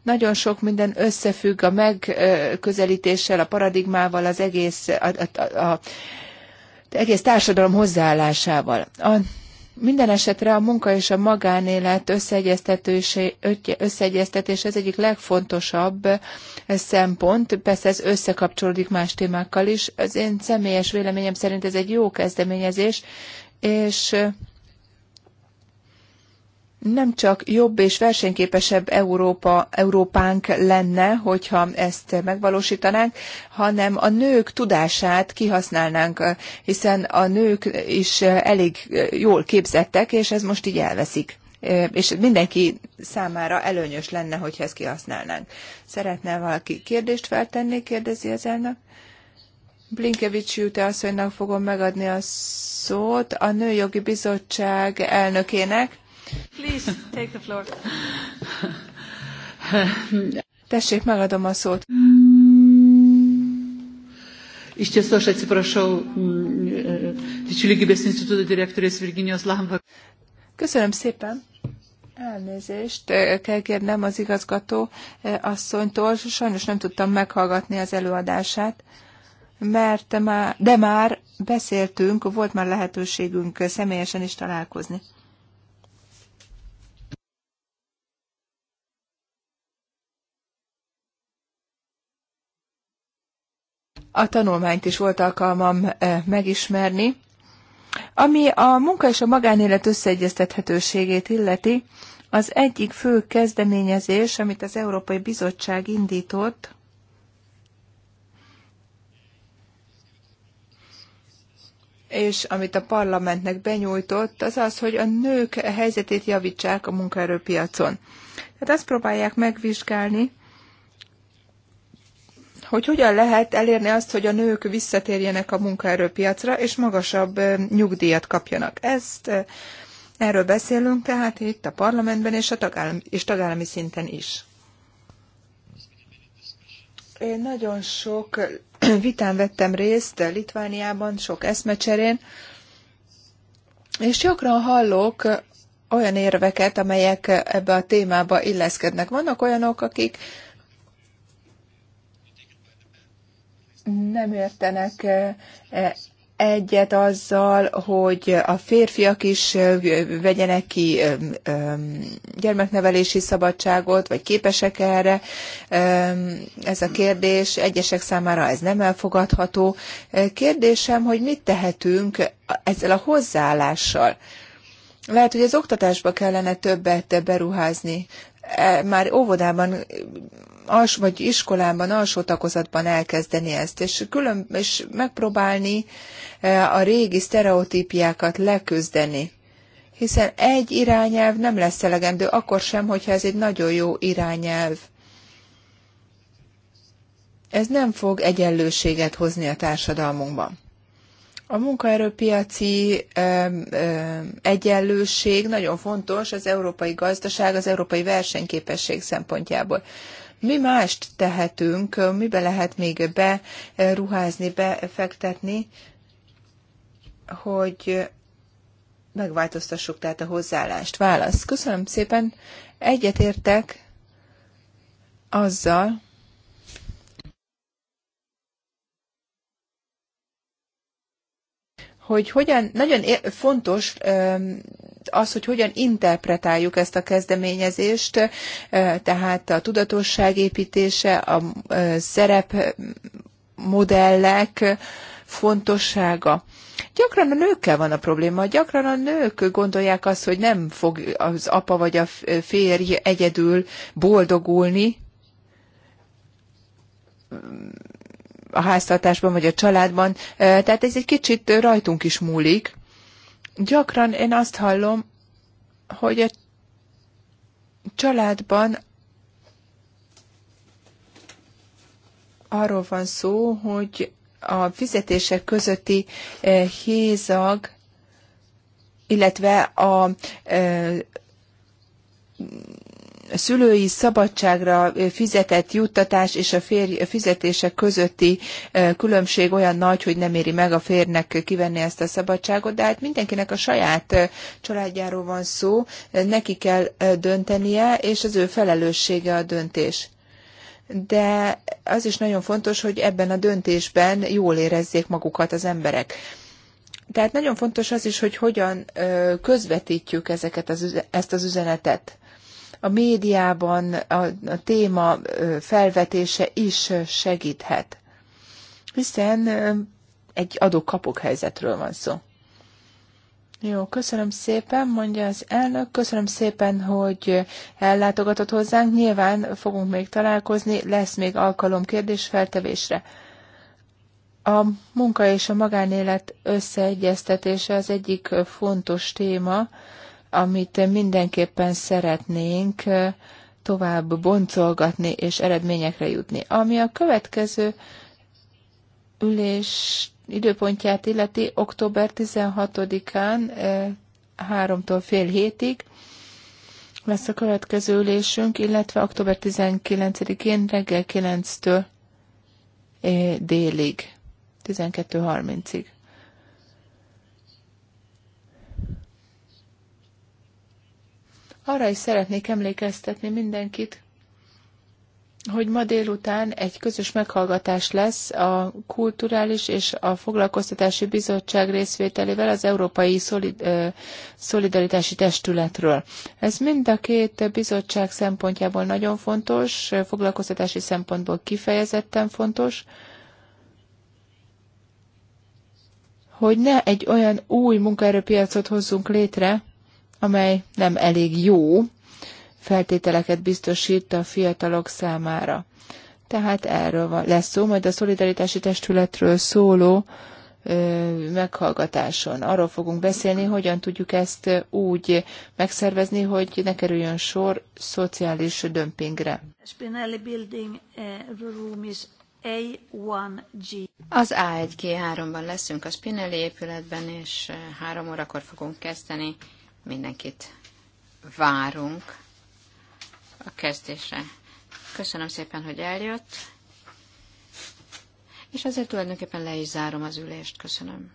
nagyon sok minden összefügg a megközelítéssel, a paradigmával, az egész, a, a, a, a egész társadalom hozzáállásával. A, minden esetre a munka és a magánélet összeegyeztetés az egyik legfontosabb eh, szempont. Persze ez összekapcsolódik más témákkal is. Az én személyes véleményem szerint ez egy jó kezdeményezés, és eh, nem csak jobb és versenyképesebb Európa, Európánk lenne, hogyha ezt megvalósítanánk, hanem a nők tudását kihasználnánk, hiszen a nők is elég jól képzettek, és ez most így elveszik. És mindenki számára előnyös lenne, hogyha ezt kihasználnánk. Szeretne valaki kérdést feltenni, kérdezi az elnök? Blinkevics Jute asszonynak fogom megadni a szót, a Nőjogi Bizottság elnökének. Please, take the floor. Tessék, megadom a szót. Iš tiesų, mm, e, aš atsiprašau Lyčių lygybės instituto direktorės Virginijos Lambak. Köszönöm szépen. Elnézést e, kell kérnem az igazgató e, asszonytól, sajnos nem tudtam meghallgatni az előadását, mert de már beszéltünk, volt már lehetőségünk személyesen is találkozni. A tanulmányt is volt alkalmam megismerni. Ami a munka és a magánélet összeegyeztethetőségét illeti, az egyik fő kezdeményezés, amit az Európai Bizottság indított, és amit a parlamentnek benyújtott, az az, hogy a nők helyzetét javítsák a munkaerőpiacon. Tehát azt próbálják megvizsgálni, hogy hogyan lehet elérni azt, hogy a nők visszatérjenek a munkaerőpiacra, és magasabb nyugdíjat kapjanak. Ezt erről beszélünk tehát itt a parlamentben és a tagállami, és tagállami szinten is. Én nagyon sok vitán vettem részt Litvániában, sok eszmecserén, és gyakran hallok olyan érveket, amelyek ebbe a témába illeszkednek. Vannak olyanok, akik nem értenek eh, eh, egyet azzal, hogy a férfiak is eh, vegyenek ki gyermeknevelési szabadságot, vagy képesek erre. Ez a kérdés egyesek számára ez nem elfogadható. Kérdésem, hogy mit tehetünk ezzel a hozzáállással? Lehet, hogy az oktatásba kellene többet beruházni. E, már óvodában als, vagy iskolában, alsó takozatban elkezdeni ezt, és, külön, és megpróbálni e, a régi sztereotípiákat leküzdeni. Hiszen egy irányelv nem lesz elegendő, akkor sem, hogyha ez egy nagyon jó irányelv. Ez nem fog egyenlőséget hozni a társadalmunkban. A munkaerőpiaci egyenlőség nagyon fontos az európai gazdaság, az európai versenyképesség szempontjából. Mi mást tehetünk, mibe lehet még beruházni, befektetni, hogy megváltoztassuk tehát a hozzáállást. Válasz. Köszönöm szépen. Egyetértek azzal, hogy hogyan, nagyon fontos az, hogy hogyan interpretáljuk ezt a kezdeményezést, tehát a tudatosság építése, a szerep modellek fontossága. Gyakran a nőkkel van a probléma, gyakran a nők gondolják azt, hogy nem fog az apa vagy a férj egyedül boldogulni, a háztartásban vagy a családban. Tehát ez egy kicsit rajtunk is múlik. Gyakran én azt hallom, hogy a családban arról van szó, hogy a fizetések közötti hézag, illetve a szülői szabadságra fizetett juttatás és a férj fizetése közötti különbség olyan nagy, hogy nem éri meg a férnek kivenni ezt a szabadságot, de hát mindenkinek a saját családjáról van szó, neki kell döntenie, és az ő felelőssége a döntés de az is nagyon fontos, hogy ebben a döntésben jól érezzék magukat az emberek. Tehát nagyon fontos az is, hogy hogyan közvetítjük ezeket az, ezt az üzenetet a médiában a, a téma felvetése is segíthet, hiszen egy adó-kapok helyzetről van szó. Jó, köszönöm szépen, mondja az elnök. Köszönöm szépen, hogy ellátogatott hozzánk. Nyilván fogunk még találkozni, lesz még alkalom kérdésfeltevésre. A munka és a magánélet összeegyeztetése az egyik fontos téma amit mindenképpen szeretnénk tovább boncolgatni és eredményekre jutni. Ami a következő ülés időpontját illeti, október 16-án 3-tól fél hétig lesz a következő ülésünk, illetve október 19-én reggel 9-től délig, 12.30-ig. Arra is szeretnék emlékeztetni mindenkit, hogy ma délután egy közös meghallgatás lesz a Kulturális és a Foglalkoztatási Bizottság részvételével az Európai Szolid- Szolidaritási Testületről. Ez mind a két bizottság szempontjából nagyon fontos, foglalkoztatási szempontból kifejezetten fontos, hogy ne egy olyan új munkaerőpiacot hozzunk létre, amely nem elég jó feltételeket biztosít a fiatalok számára. Tehát erről van, lesz szó, majd a szolidaritási testületről szóló meghallgatáson. Arról fogunk beszélni, hogyan tudjuk ezt úgy megszervezni, hogy ne kerüljön sor szociális dömpingre. Spinelli Building eh, Room is A1G. Az A1G3-ban leszünk a Spinelli épületben, és eh, három órakor fogunk kezdeni mindenkit várunk a kezdésre. Köszönöm szépen, hogy eljött, és ezért tulajdonképpen le is zárom az ülést. Köszönöm.